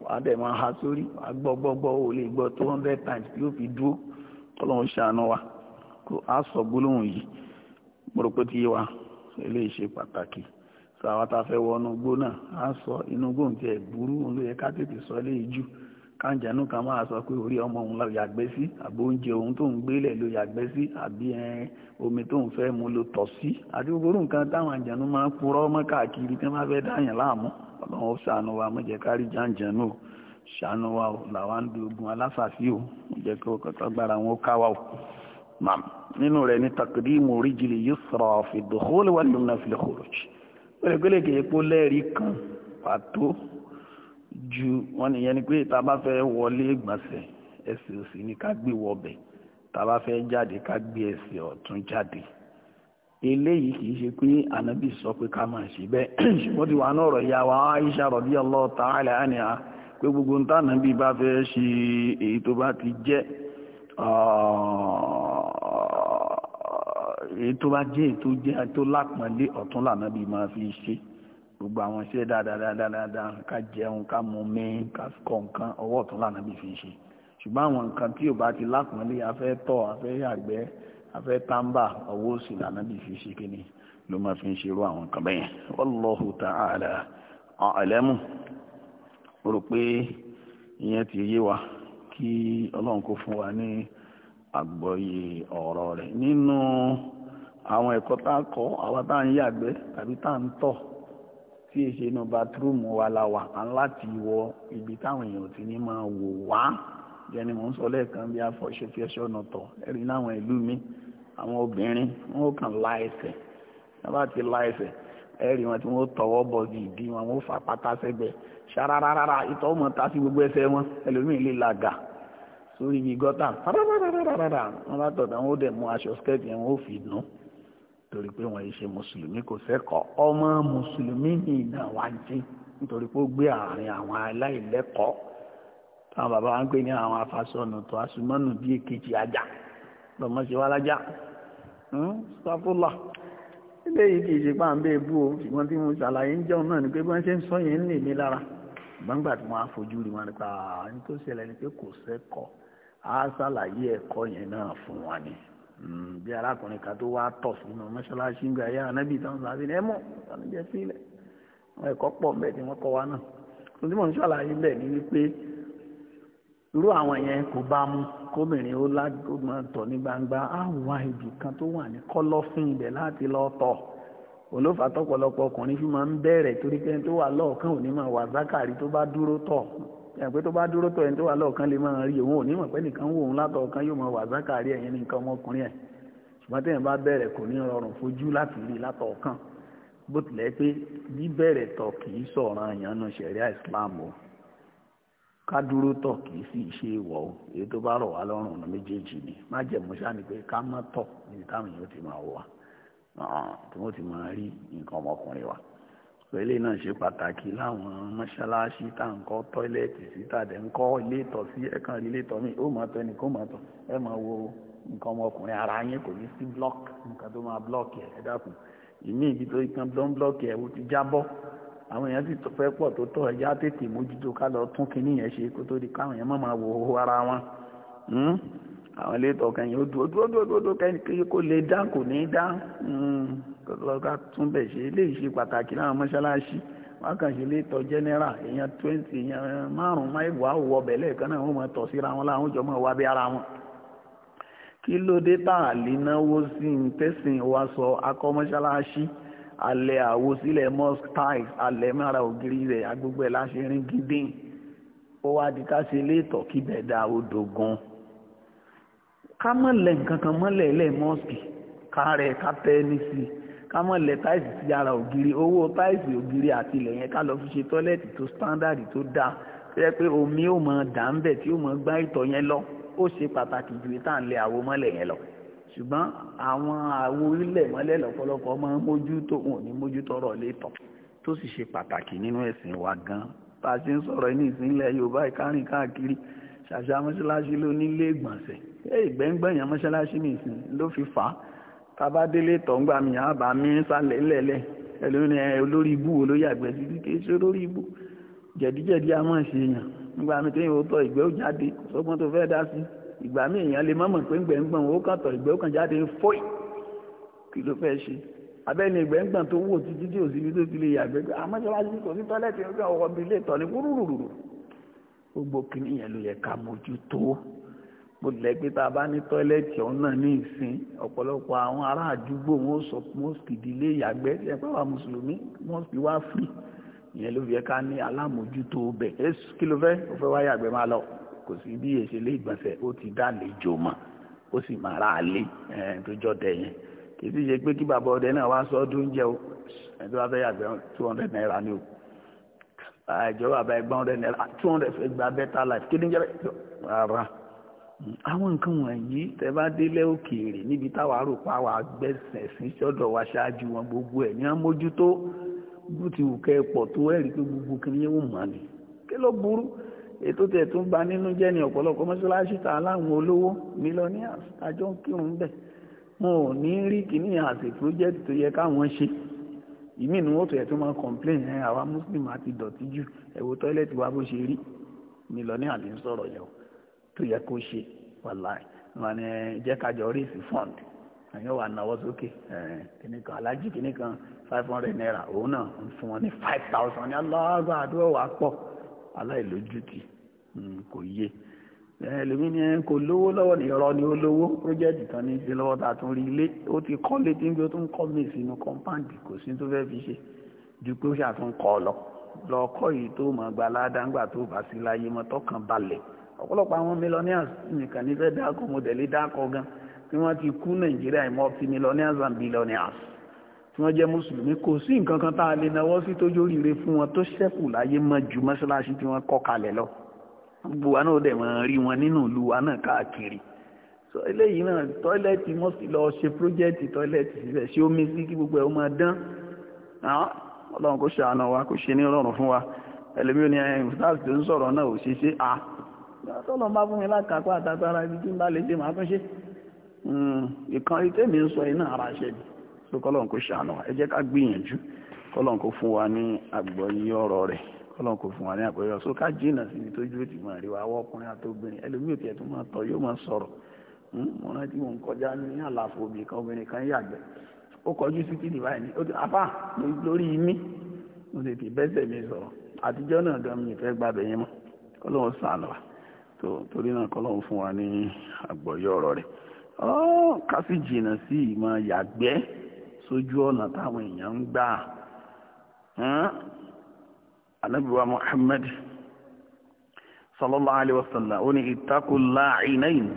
wàá dẹ̀ máa ha sórí wàá gbọ́ gbọ́ gbọ́ ò lè gbọ́ two hundred times tí yóò fi dúró ọlọ́run ṣàánú wa kó a sọ gbólóhùn yìí mo rò pé ti yé wa eléyìí ṣe pàtàkì sọ àwọn tá a fẹ́ wọ inú gbó náà a sọ inú gbóhùn tiẹ̀ burú òun ló yẹ ká tètè sọ eléyìí jù Kanjanu kan máa sọ pé orí ọmọ òun lọ yàgbẹ́ sí àbí oúnjẹ òun tó ń gbélẹ̀ ló yàgbẹ́ sí àbí omi tó ń fẹ́ mu ló tọ̀ sí àti gbogbo nǹkan táwọn àjẹ̀nú máa ń purọ́ mọ́ káàkiri tí wọ́n bá fẹ́ dáyàn láàmú ọlọ́run ṣàánú wa má jẹ́ kárí jàǹjẹ̀nú o ṣàánú wa o làwa ń du ogun aláfàfí o ó jẹ́ kí ọkọ̀tọ̀ gbára wọn ká wa o mam nínú rẹ̀ ní takdimu rijli yusra fi ju wọn nìyẹn ni pé tá a bá fẹ́ wọlé ìgbọ̀nsẹ̀ ẹsẹ̀ òsì ni ká gbé wọbẹ̀ tá a bá fẹ́ jáde ká gbé ẹsẹ̀ ọ̀tún jáde eléyìí kìí ṣe pé ànábì sọ pé ká máa ṣe bẹ́ẹ̀ ṣùgbọ́n ti wà ní ọ̀rọ̀ ìyá wa Aisha radiyallahu ta'ala anha pé gbogbo ń tànábì bá fẹ́ ṣe èyí tó bá ti jẹ́ ah, èyí tó bá jẹ́ èyí tó jẹ́ tó lápọ̀nlé ọ̀tún lànábì máa fi ṣe gbogbo àwọn iṣẹ́ dáadáa ká jẹun ká mu mí ká kọ nǹkan ọwọ́ ọ̀tún lànà bí fi ń ṣe ṣùgbọ́n àwọn nǹkan tí ò bá ti lápọ́nlé afẹ́ tọ̀ afẹ́ yàgbẹ́ afẹ́ tábà ọwọ́ òsì lànà bí fi ṣe kíni ló máa fi ń ṣerú àwọn nǹkan bẹ́yẹn wallahu ta'ala a'lamu mo rò pé ìyẹn ti yé wa kí ọlọ́run kó fún wa ní àgbọ́yé ọ̀rọ̀ rẹ̀ nínú àwọn ẹ̀kọ́ tá a kọ́ àwa tá à ń yàgbẹ́ tàbí tá à ń tọ̀ tí èsè inú bàtírùmù wa la wà á láti wọ ibi táwọn èèyàn ti ní máa wò wá jẹni mò ń sọ lẹ́ẹ̀kan bí afọṣẹfẹṣọ nọtọ ẹrí láwọn ìlú mi àwọn obìnrin wọn ò kàn la ẹsẹ̀ sábà ti la ẹsẹ̀ ẹrí wọn tí wọn tọwọ́ bọ di ìdí wọn wọn fà pátá sẹgbẹ ṣarararara ìtọ́ ọmọ ta sí gbogbo ẹsẹ̀ wọn ẹlòmíì lè la gà sórí ibi gọ́tà rárárárárá wọn bá tọ̀dọ̀ wọn ó dẹ̀ mú aṣọ skẹ́ẹ̀tì yẹn wọn ó fi nù torí pé wọn yìí ṣe mùsùlùmí kò sẹ́kọ̀ọ́ ọmọ mùsùlùmí yìí náà wá jí nítorí pé ó gbé àárín àwọn aláìlẹ́kọ̀ọ́ táwọn bàbá wa ń pè ní àwọn afasọ̀nù tó asùmọ́nù bíi èkejì ajá lọ́mọ ṣe hmm? ilé yìí kì í ṣe páńbé bú o ṣùgbọ́n tí mo ṣàlàyé ń jẹun náà ni pé bí wọ́n ṣe ń sọ yẹn ń lè mí lára gbọ́ngbà tí wọ́n á fojú rí wọn nípa ní tó ṣẹlẹ̀ ni pé kò sẹ́kọ̀ọ́ á ṣàlàyé ẹ̀kọ́ yẹn náà fún wọn ni Mm, bí arákùnrin kan tó wá tọ̀ sínú mọ́ṣáláṣí ń gba ẹ̀yà anábì tán láti ní ẹ̀mọ́ tani jẹ́ sílẹ̀ àwọn ẹ̀kọ́ pọ̀ tí wọ́n kọ́ wa náà tó tí mò ṣàlàyé ni wípé irú àwọn yẹn kò bá mu kóbìnrin ó lágbóná tọ̀ ní gbangba á wá kan tó wà ní ibẹ̀ láti lọ tọ̀ olófà ọkùnrin máa ń bẹ̀rẹ̀ torí tó wà yàgbé tó bá dúró tọ̀ ẹni tó wà lọ́ọ̀kan lè máa rí òun ò ní mọ̀ pé nìkan wò òun látọ̀ ọ̀kan yóò máa wà zákàrí ẹ̀yìn nìkan ọmọkùnrin ẹ̀ ṣùgbọ́n tẹ̀yìn bá bẹ̀rẹ̀ kò ní rọrùn fojú láti rí látọ̀ ọ̀kan bó tilẹ̀ pé bíbẹ̀rẹ̀ tọ̀ kì í sọ̀ràn àyànnu ṣẹ̀ríà Islam o ká dúró tọ̀ kì sì ṣe ìwọ̀ o èyí tó bá rọ̀ wá lọ́rùn ọ̀nà méjèèjì ni má jẹ̀mú sáà ni pé ká má tọ̀ níbi táwọn èèyàn ti máa wà pẹ̀lú náà ṣe pàtàkì láwọn mọ́ṣáláṣí tá à ń kọ́ tọ́ílẹ̀tì sí tàdé ń kọ́ ilé ìtọ̀ sí ẹ̀kan ilé ìtọ̀ mi ó mọ̀ tẹ́ni kó mọ̀ tọ̀ ẹ máa wo nǹkan ọmọkùnrin ara yín kò ní sí block nǹkan tó máa block ẹ̀ ẹ dákun ìmí ibi tó ikan tó ń block ẹ̀ ó ti jábọ́ àwọn èèyàn sì fẹ́ pọ̀ tó tọ̀ ẹ̀yà tètè mójútó ká lọ tún kinní yẹn ṣe kó tó di káwọn èèyàn má máa wo hmm? dá kò lọ́ka tún bẹ̀ ṣe eléyìí ṣe pàtàkì láwọn mọ́ṣáláṣí wọ́n kàn ṣe létọ́ jẹ́nẹ́rà èèyàn twenty èèyàn márùn-ún máìwá òwò ọbẹ̀ lẹ́ẹ̀kan náà wọ́n mọ̀ tọ̀ síra wọn láwọn jọ mọ̀ wá bí ara wọn. kí ló dé tá a lè náwó sí i tẹ̀sìn wa sọ akọ́ mọ́ṣáláṣí alẹ́ àwo sílẹ̀ mosque tiles alẹ́ mára ògiri rẹ̀ agbègbè láṣẹrin gidi ó wá di ká ṣe létọ́ kí bẹ̀ dá odò gan ká mọ̀lẹ̀ nǹkan kan mọ́lẹ̀ mosque ká ká tẹ́ ní sí i ká mọ̀ lẹ̀ táìsì sí ara ògiri owó táìsì ògiri àti ilẹ̀ yẹn ká lọ fi ṣe tọ́lẹ́ẹ̀tì tó sítándàdì tó dáa tó yẹ pé omi ò mọ dà ń bẹ̀ tí ó mọ gbá ìtọ̀ yẹn lọ ó ṣe pàtàkì ju ìta ń lẹ àwo mọ́lẹ̀ yẹn lọ ṣùgbọ́n àwọn àwo ilẹ̀ mọ́lẹ̀ lọ́pọ̀lọpọ̀ máa ń mójútó wọn ò ní mójútó ọ̀rọ̀ létọ̀ tó sì ṣe pàtàkì nínú ẹ̀sìn wa gan bá a ṣe ń sọ̀rọ̀ ní ìsìnlẹ̀ Yorùbá ìkárìn káàkiri ṣàṣà mọ́ṣáláṣí ló nílé ìgbọ̀nsẹ̀ ẹ ìgbẹ́ngbẹ̀yàn mọ́ṣáláṣí nìsín ló fi fà á tábà délé tọ̀ǹgbà mi àbá mi sálẹ̀ ńlẹ̀lẹ̀ ẹlòmíní olórí ibú wo ló yàgbẹ́ sí kí ṣe olórí ibú jẹ̀díjẹ̀dí a máa ṣe èèyàn nígbà mi téèyàn ó tọ̀ ìgbẹ́ ó jáde sọ́gbọ́n tó fẹ́ dá sí ìgbà mi èèyàn lè mọ̀mọ̀ pé gbẹ̀ngbọ̀n ó kàn tọ̀ ìgbẹ́ ó kàn jáde fọ́ì kí ló fẹ́ ṣe abẹ́ni gbẹ̀ngbọ̀n tó wò títí tí òsibí tó ti lè yàgbẹ́ pé àmọ́ṣáláṣí kò sí tọ́lẹ́tì ó kàn wọ́ mi lè tọ̀ ní kúrúrúrú gbogbo kìnìyàn ló yẹ ká mójútó bó tilẹ̀ pé tá a bá ní tọ́ílẹ̀tì ọ̀hún náà ní ìsìn ọ̀pọ̀lọpọ̀ àwọn ará àdúgbò wọn sọ mọ́sìkì ìdílé ìyàgbẹ́ ẹ̀ pàwọ́ mùsùlùmí mọ́sìkì wá fìrì ìyẹn ló fi yẹ ká ní alámòjútó bẹ̀ ẹ kí ló fẹ́ ó fẹ́ wá yàgbẹ́ máa lọ kò sí bí èsì ilé ìgbọ̀nsẹ̀ ó ti dá àlejò mọ̀ ó sì máa ra àlè tó jọ dẹ yẹn kì í sì ṣe pé kí bàbá ọdẹ náà wá life kí ni àwọn nǹkan wọ̀nyí tẹ́ bá délé òkèèrè níbi táwa rò pa wà gbẹ̀sẹ̀ sí sọ́dọ̀ wa ṣáájú wọn gbogbo ẹ̀ ní àmójútó bó ti wù kẹ́ pọ̀ tó ẹ̀rí pé gbogbo kí ni yẹn wò mọ́ ni kí ló burú ètò tẹ̀ tún ba nínú jẹ́ ni ọ̀pọ̀lọpọ̀ mọ́ṣáláṣí ta láwọn olówó millionaires àjọ ń kírun bẹ̀ wọn ò ní rí kíní àti project tó yẹ káwọn ṣe ìmí ni wọ́n tó yẹ tó máa complain ẹ̀ àwa muslim àti dọ̀tí jù ẹ̀wò tọ́ílẹ̀tì wa bó ṣe rí millionaire àti ń sọ̀rọ̀ yẹn o tó yẹ kó ṣe wàláì wọn ni jẹ́ kájọ rísì fund àyàn wà náwó sókè kìnnìkan alájí kìnnìkan five hundred naira òun náà ń fún wọn ní five thousand ní aláàbà àdúrà wà pọ̀ aláìlójútì hmm, kò yé ẹlòmí ni kò lówó lọ́wọ́ ní ọ̀rọ̀ ni ó lówó pírójẹ́tì kan ní ṣe lọ́wọ́ tá a tún rí ilé ó ti kọ́ létí níbi ó tún kọ́ mí sínú kọ́ńpáǹdì kò sí tó fẹ́ fi ṣe ju pé ó ṣàtún kọ́ ọ lọ lọ́ọ́ kọ́ yìí tó mọ̀ gbaládàgbà tó bá sí láyé mọ́ tọkàn balẹ̀ ọ̀pọ̀lọpọ̀ àwọn millionaires nìkan ní fẹ́ dákọ̀ mọ̀dẹ̀lẹ́ dákọ̀ gan tí wọ́n ti kú nàìjíríà ìmọ̀ ti millionaires and billionaires tí wọ́n jẹ́ mùsùlùmí kò sí nǹkan kan tá a lè náwó sí tó jóríire fún wọn tó ṣẹ́kù láyé mọ́ ju mọ́ṣáláṣí tí wọ́n kọ́ kalẹ̀ lọ gbogbo wa náà dẹ̀ máa rí wọn nínú ìlú wa náà káàkiri eléyìí náà tọ́ílẹ̀tì mọ́sí lọ ṣe pírójẹ́tì tọ́ílẹ̀tì síbẹ̀ ṣé omi sí kí gbogbo ẹ̀ ó máa dán ọlọ́run kó ṣàánú wa kó ṣe ní rọrùn fún wa ẹlòmíràn ni ẹ̀ ń sọ̀rọ̀ náà ò ṣe ṣe à tọ́lọ̀ bá fún mi lákàápá àtàgbára ibi tí ń bá lè dé màá tún ṣe hmm, ìkan ìtẹ́ mi ń sọ iná ara ṣe ni tó kọ́lọ̀n kó ṣàánú ẹ jẹ́ ká gbìyànjú kọ́lọ̀n kó fún wa ní àgbọ́yé ọ̀rọ̀ rẹ̀ kọ́lọ̀n kó fún wa ní àgbọ́yé ọ̀rọ̀ ká jìnnà síbi tó jú ti máa rí wa àwọn ọkùnrin àtòbìnrin ẹlòmíì tiẹ̀ tó máa tọ̀ yóò máa sọ̀rọ̀ hmm, mo rántí mò ń kọjá ní àlàfo obì kan obìnrin kan yàgbẹ́ ó kọjú sí tìlì báyìí ní apá lórí imí mo tètè bẹ́sẹ̀ mi sọ̀rọ̀ àtijọ́ náà so torí náà kọ́lọ́hún fún wa ní àgbọ̀yé ọ̀rọ̀ rẹ̀ ká sì jìnnà sí ìmọ̀ yàgbẹ́ sójú ọ̀nà táwọn èèyàn ń gbà anabiwa muhammad sallallahu alaihi wasallam ó ní ìtakò láàáìnáìn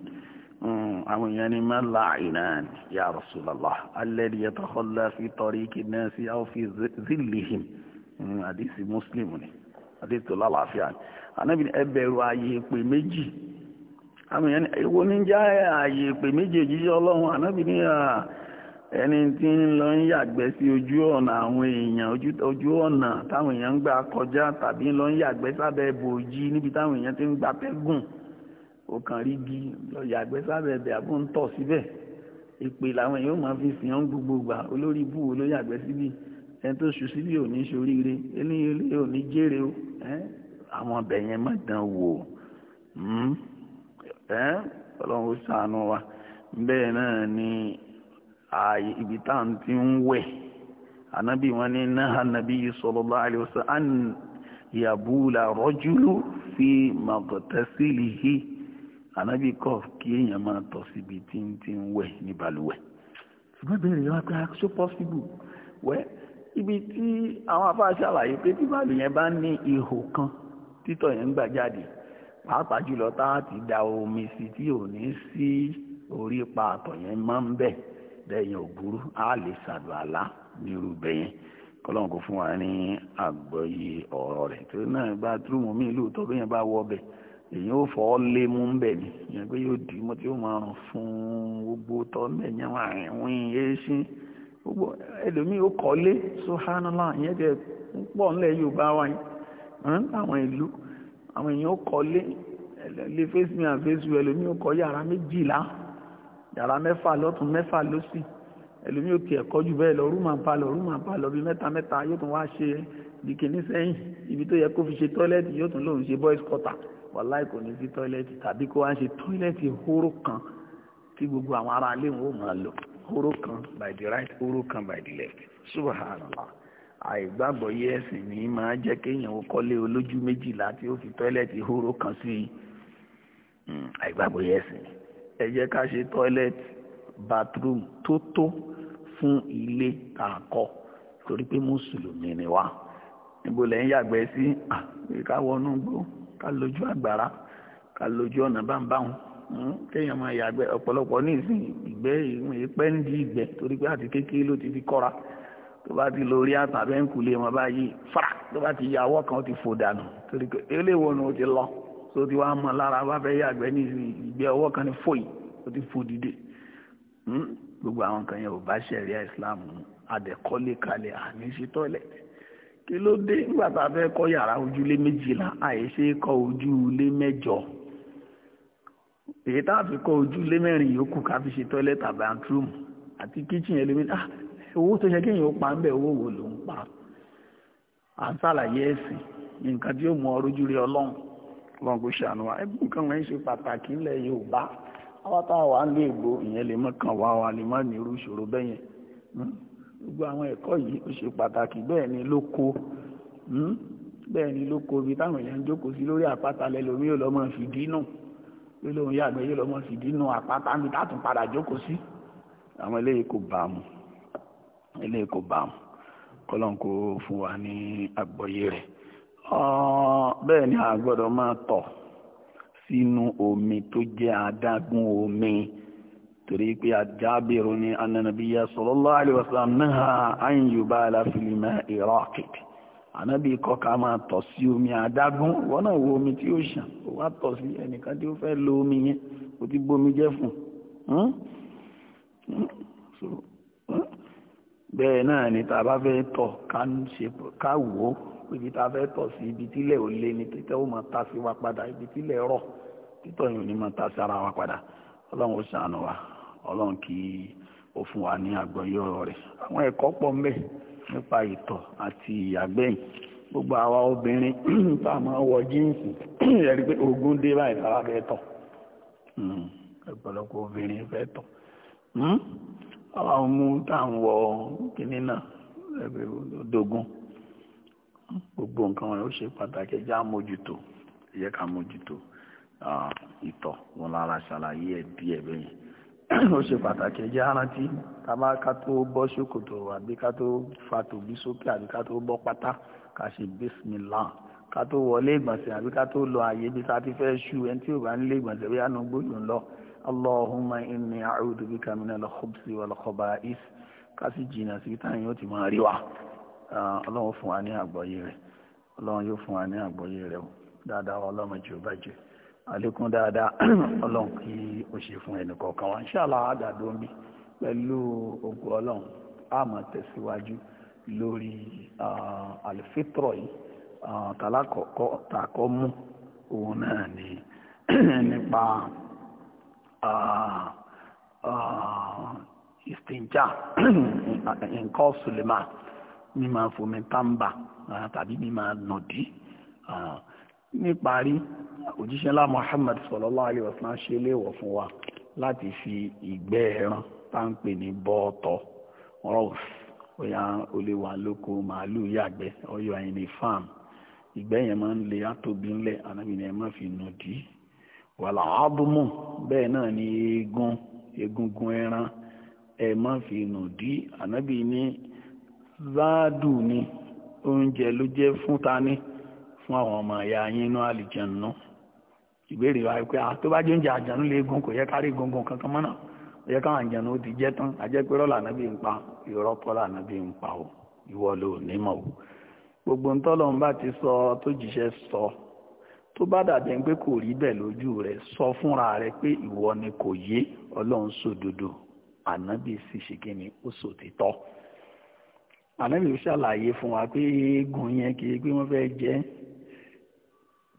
àwọn èèyàn ni má láàáìnáìn ya rasulallah alladhi yatakhalla fi tariqi an-nasi aw fi zillihim hadisi muslim ni. àdéhùn tó lálàáfíà ni ànábì ní ẹ ààyè èpè méjì àwọn èèyàn èwo ní ààyè èpè méjì òjíṣẹ́ ọlọ́run ẹni tí ń lọ ń yàgbẹ́ sí ojú ọ̀nà àwọn èèyàn ojú ọ̀nà táwọn èèyàn ń gbà kọjá tàbí lọ ń yàgbẹ́ sábẹ́ bòójì níbi táwọn èèyàn ti ń gba ó kàn rí gi lọ yàgbẹ́ sábẹ́ ń tọ̀ síbẹ̀ làwọn èèyàn fi sìn gbogbo olórí ibú ẹni tó ṣù síbi ò ní ṣe oríire eléyìí eléyìí ò ní jèrè o àwọn ọbẹ̀ yẹn má dán wò hmm? ọlọ́run ó ṣàánú wa bẹ́ẹ̀ náà ni ààyè ibi tá à ń ti ń wẹ̀ ànábì wọn ní náà nàbí sallallahu alaihi wasallam àn yàbúlà rọ́júlù fi màgọ̀tẹ́sílìhì ànábì kọ̀ kí èèyàn máa tọ̀ síbi tí ń ti ń wẹ̀ ní balùwẹ̀ ṣùgbọ́n bẹ́ẹ̀ rẹ̀ wá pé aṣọ ah, pọ́sibù wẹ́ẹ́ ibi tí àwọn afá ṣàlàyé pé bí bàálù yẹn bá ní ihò kan títọ̀ yẹn ń gbà jáde pàápàá jùlọ tá a ti da omi sí tí ò ní sí orí pa àtọ̀ yẹn máa ń bẹ̀ lẹ́yìn òbúrú a lè ṣàlù àlá nírú bẹ́yẹn kọ́lọ́n kò fún wa ní àgbọ́yé ọ̀rọ̀ rẹ̀ tó náà bá túrùmù mí ìlú tó bí yẹn bá wọ bẹ̀ èyàn ò fọ́ lé mú bẹ̀ ni ìyẹn pé yóò dì í mọ́ tí ó máa fún gbogbo tọ́ ń gbogbo ẹlòmíì ó kọ́lé subhanallah ìyẹn jẹ́ pọ̀ ńlẹ̀ yorùbá wa yìí àwọn ìlú àwọn èèyàn ó kọ́lé lè face me and face you ẹlòmíì ó kọ́ yàrá méjìlá yàrá mẹ́fà lọ́tún mẹ́fà lọ́sì ẹlòmíì ó tiẹ̀ kọ́ jù bẹ́ẹ̀ lọ rúmà pa lọ rúmà pa lọ bí mẹ́ta mẹ́ta yóò tún wá ṣe bìkínní sẹ́yìn ibi tó yẹ kó fi ṣe tọ́lẹ́tì yóò tún lòun ṣe boys quarter wàláì kò ní sí tọ́lẹ́tì tàbí kó wá ṣe tọ́lẹ́tì hóró kan tí gbogbo àwọn ará wọn ò máa lò oró kan by the right oró kan by the left subhanallah àìgbàgbọ́ yé ni ní máa jẹ́ kéèyàn ó kọ́lé olójú méjìlá tí ó fi tọ́ílẹ̀tì hóró kan sí hmm, àìgbàgbọ́ yé ẹ̀sìn ẹ jẹ́ ká ṣe tọ́ílẹ̀tì bathroom tó tó fún ilé tá a kọ́ torí pé mùsùlùmí ni wá níbo lẹ́yìn yàgbẹ́ sí ká wọnú gbó ká lójú àgbàrá ká lójú ọ̀nà báńbáwọn Hmm? kéèyàn máa yàgbẹ́ ọ̀pọ̀lọpọ̀ ní ìsìn ìgbẹ́ ìwọ̀n ìpẹ́ ń di ìgbẹ́ torí pé àti kékeré ló ti fi kọ́ra tó bá ti lórí àtàbẹ́ ń kulé wọn báyìí fà tó bá ti ya ọwọ́ kan ó ti fò dànù torí pé eléwo ni ó ti lọ tó ti wá mọ lára bá fẹ́ yàgbẹ́ ní ìsìn ìgbẹ́ ọwọ́ kan ní fòyì ó ti fò dìde hmm? gbogbo àwọn kan yẹn ò bá ṣẹ̀ríà Islam adẹ̀kọ́lé kalẹ̀ àní ṣe tọ́lẹ̀ kí ló dé nígbà tá a fẹ́ kọ́ yàrá ojúlé méjìlá àìṣe kọ́ ojúlé mẹ́jọ èyí tá a fi kọ́ ojúlé mẹ́rin yòókù ká fi ṣe toilet àbí bathroom àti kitchen ẹlòmíì ah owó tó ṣe kéèyàn ó pa ń bẹ̀ owó wo ló ń pa à ń ṣàlàyé ẹ̀sìn nǹkan tí ó mú ọ rójú rí ọlọ́run ọlọ́run kò ṣàánú wa nǹkan ṣe pàtàkì ńlẹ̀ Yorùbá ń lé ègbò ìyẹn lè mọ́ kàn wá wa lè má ní irú ìṣòro hmm? gbogbo àwọn ẹ̀kọ́ yìí ó ṣe pàtàkì bẹ́ẹ̀ pé lóun yàgbẹ́ yóò lọ́mọ fìdí nu àpáta níbi tátùn padà jókòó sí àwọn eléyìí kò bá mu eléyìí kò bá mu kọ́lọ́n kò fún wa ní àgbọ́yé rẹ̀ bẹ́ẹ̀ ni a gbọ́dọ̀ máa tọ̀ sínú omi tó jẹ́ adágún omi torí pé àjábìrún ni ananabiya sallallahu alaihi wasallam náà an yubala fil ma'i ànábì ikọ̀ ká máa tọ̀ sí omi adágún ìwọ náà wo omi tí ó ṣàn ó wá tọ̀ sí ẹnìkan tí ó fẹ́ lo omi yẹn ó ti bómi jẹ́ fún bẹ́ẹ̀ náà ni tá a bá fẹ́ tọ̀ ká wò ó ibi tá a fẹ́ tọ̀ sí ibi tílẹ̀ ò lé ni títẹ́ ó máa ta sí wa padà ibi tílẹ̀ rọ̀ títọ̀ yìí ò ní máa ta sí ara wa padà ọlọ́run ó ṣàánú wa ọlọ́run kí ó fún wa ní àgbọ́yé rẹ̀ àwọn ẹ̀kọ́ pọ̀ ń nípa ìtọ̀ àti ìyàgbẹ́yìn gbogbo àwa obìnrin tá a máa wọ jíǹsì ẹ̀rí pé ogun dé báyìí lára fẹ́ tọ̀ hmm, ọ̀pọ̀lọpọ̀ obìnrin fẹ́ tọ̀ hmm, àwa mú tá à ń wọ kínní náà ẹgbẹ́ dogun gbogbo nǹkan wọn ó ṣe pàtàkì ẹjẹ́ àmójútó ẹ̀yẹ́ ká ìtọ̀ wọn lára ṣàlàyé ẹ̀ díẹ̀ bẹ́yẹn. ó ṣe pàtàkì ẹ̀jẹ̀ arántí ká má ká tó bọ́ ṣòkòtò àbí ká tó fa tòbí sókè àbí ká tó bọ́ pátá ká ṣe bísímìlà ká tó wọlé ìgbọ̀nsẹ̀ àbí ká tó lọ àyè ibi tá a ti fẹ́ ṣú ẹni tí ò bá nílé ìgbọ̀nsẹ̀ bí àánú gbóyún lọ allahumma inni a'udhu bika minal khubsi wal khaba'is ká sì jìnnà sí táyìn ó ti máa rí wa ọlọ́run fún wa ní àgbọ́yé rẹ̀ ọlọ́run yóò fún wa ní àgbọ́yé rẹ̀ dáadáa ọlọ́run jù bàjẹ́ àlékún dáadáa ọlọ́run kí o ṣe fún ẹnì kọ̀ọ̀kan wa inshallah àdàdo mi pẹ̀lú ogun ọlọ́run a máa tẹ̀síwájú lórí àlùfítrọ̀ yìí tàlákọ̀ọ́kọ́ tàkọ́ mú òun náà ni nípa ìsìnjà nǹkan sùlẹ̀mà mímọ̀ fomi tàǹbà tàbí mímọ̀ nọ̀dí. níparí òjíṣẹ́ ńlá mohammed sallallahu alaihi ṣe léèwọ̀ fún wa láti fi ìgbẹ́ ẹran tá ń pè ní bọ́ọ̀tọ̀ o lóko màálùú yàgbẹ́ ọyọ ẹ̀yìn farm ìgbẹ́ yẹn máa le átóbi ńlẹ̀ ànábì ni ẹ má fi nù dí wàlà ábùmù bẹ́ẹ̀ náà ni eegun egungun ẹran ẹ má fi nù dí ànábì fún àwọn ọmọ ìyá yín inú àlìjẹ̀nù ìbéèrè wa pé a tó bá jẹ́ oúnjẹ àjẹ̀nù léegun kò yẹ kárí gungun kankan mọ́nà kò yẹ káwọn ó ti jẹ́ tán rọ́là náà bí pa bí pa ìwọ ló gbogbo ń tọ́lọ̀ ń bá ti sọ tó kò rí bẹ́ẹ̀ lójú rẹ̀ sọ fúnra rẹ̀ pé ìwọ ni kò yé ọlọ́run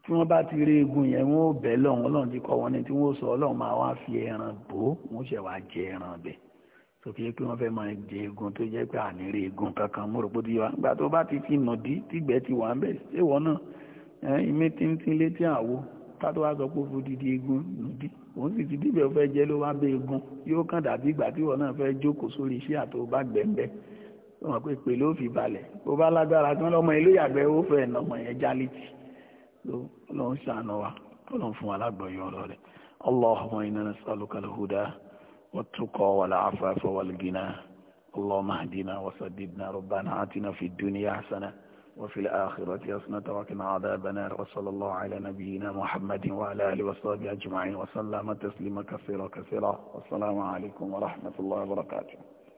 tí wọ́n bá ti rí egun yẹn wọ́n ò bẹ́ lọ́hùn ọlọ́run ti kọ́ wọn ní tí wọ́n sọ ọlọ́run máa wá fi ẹran bò ó wọ́n ṣẹ̀ wá jẹ ẹran bẹ̀ sókè pé wọ́n fẹ́ máa jẹ egun tó jẹ́ pé àní rí egun kankan mo rò pé ó ti yọ nígbà tó bá ti fi nà dí tìgbẹ́ ti wà ń bẹ̀ ṣé wọ́n náà ìmí tíntín létí àwo ká tó wá sọ pé ó fún dídí egun nù dí òun sì ti díbẹ̀ fẹ́ jẹ́ ló wá bẹ egun yóò kàn dàbí ìgbà tí wọ́n náà fẹ́ jókòó sórí iṣẹ́ àtò bá gbẹ̀ǹbẹ̀ wọ́n pè pé ló fi balẹ̀ bó bá lágbára tí wọ́n lọ́mọ ilé yàgbẹ́ ó fẹ́ nà ọmọ yẹn jálítì اللهم إنا نسألك الهدى والتقى والعفاف والغنى اللهم اهدنا وسددنا ربنا آتنا في الدنيا حسنة وفي الآخرة حسنة وقنا عذاب النار وصلى الله على نبينا محمد وعلى آله وصحبه أجمعين وسلم تسليما كثيرا كثيرا والسلام عليكم ورحمة الله وبركاته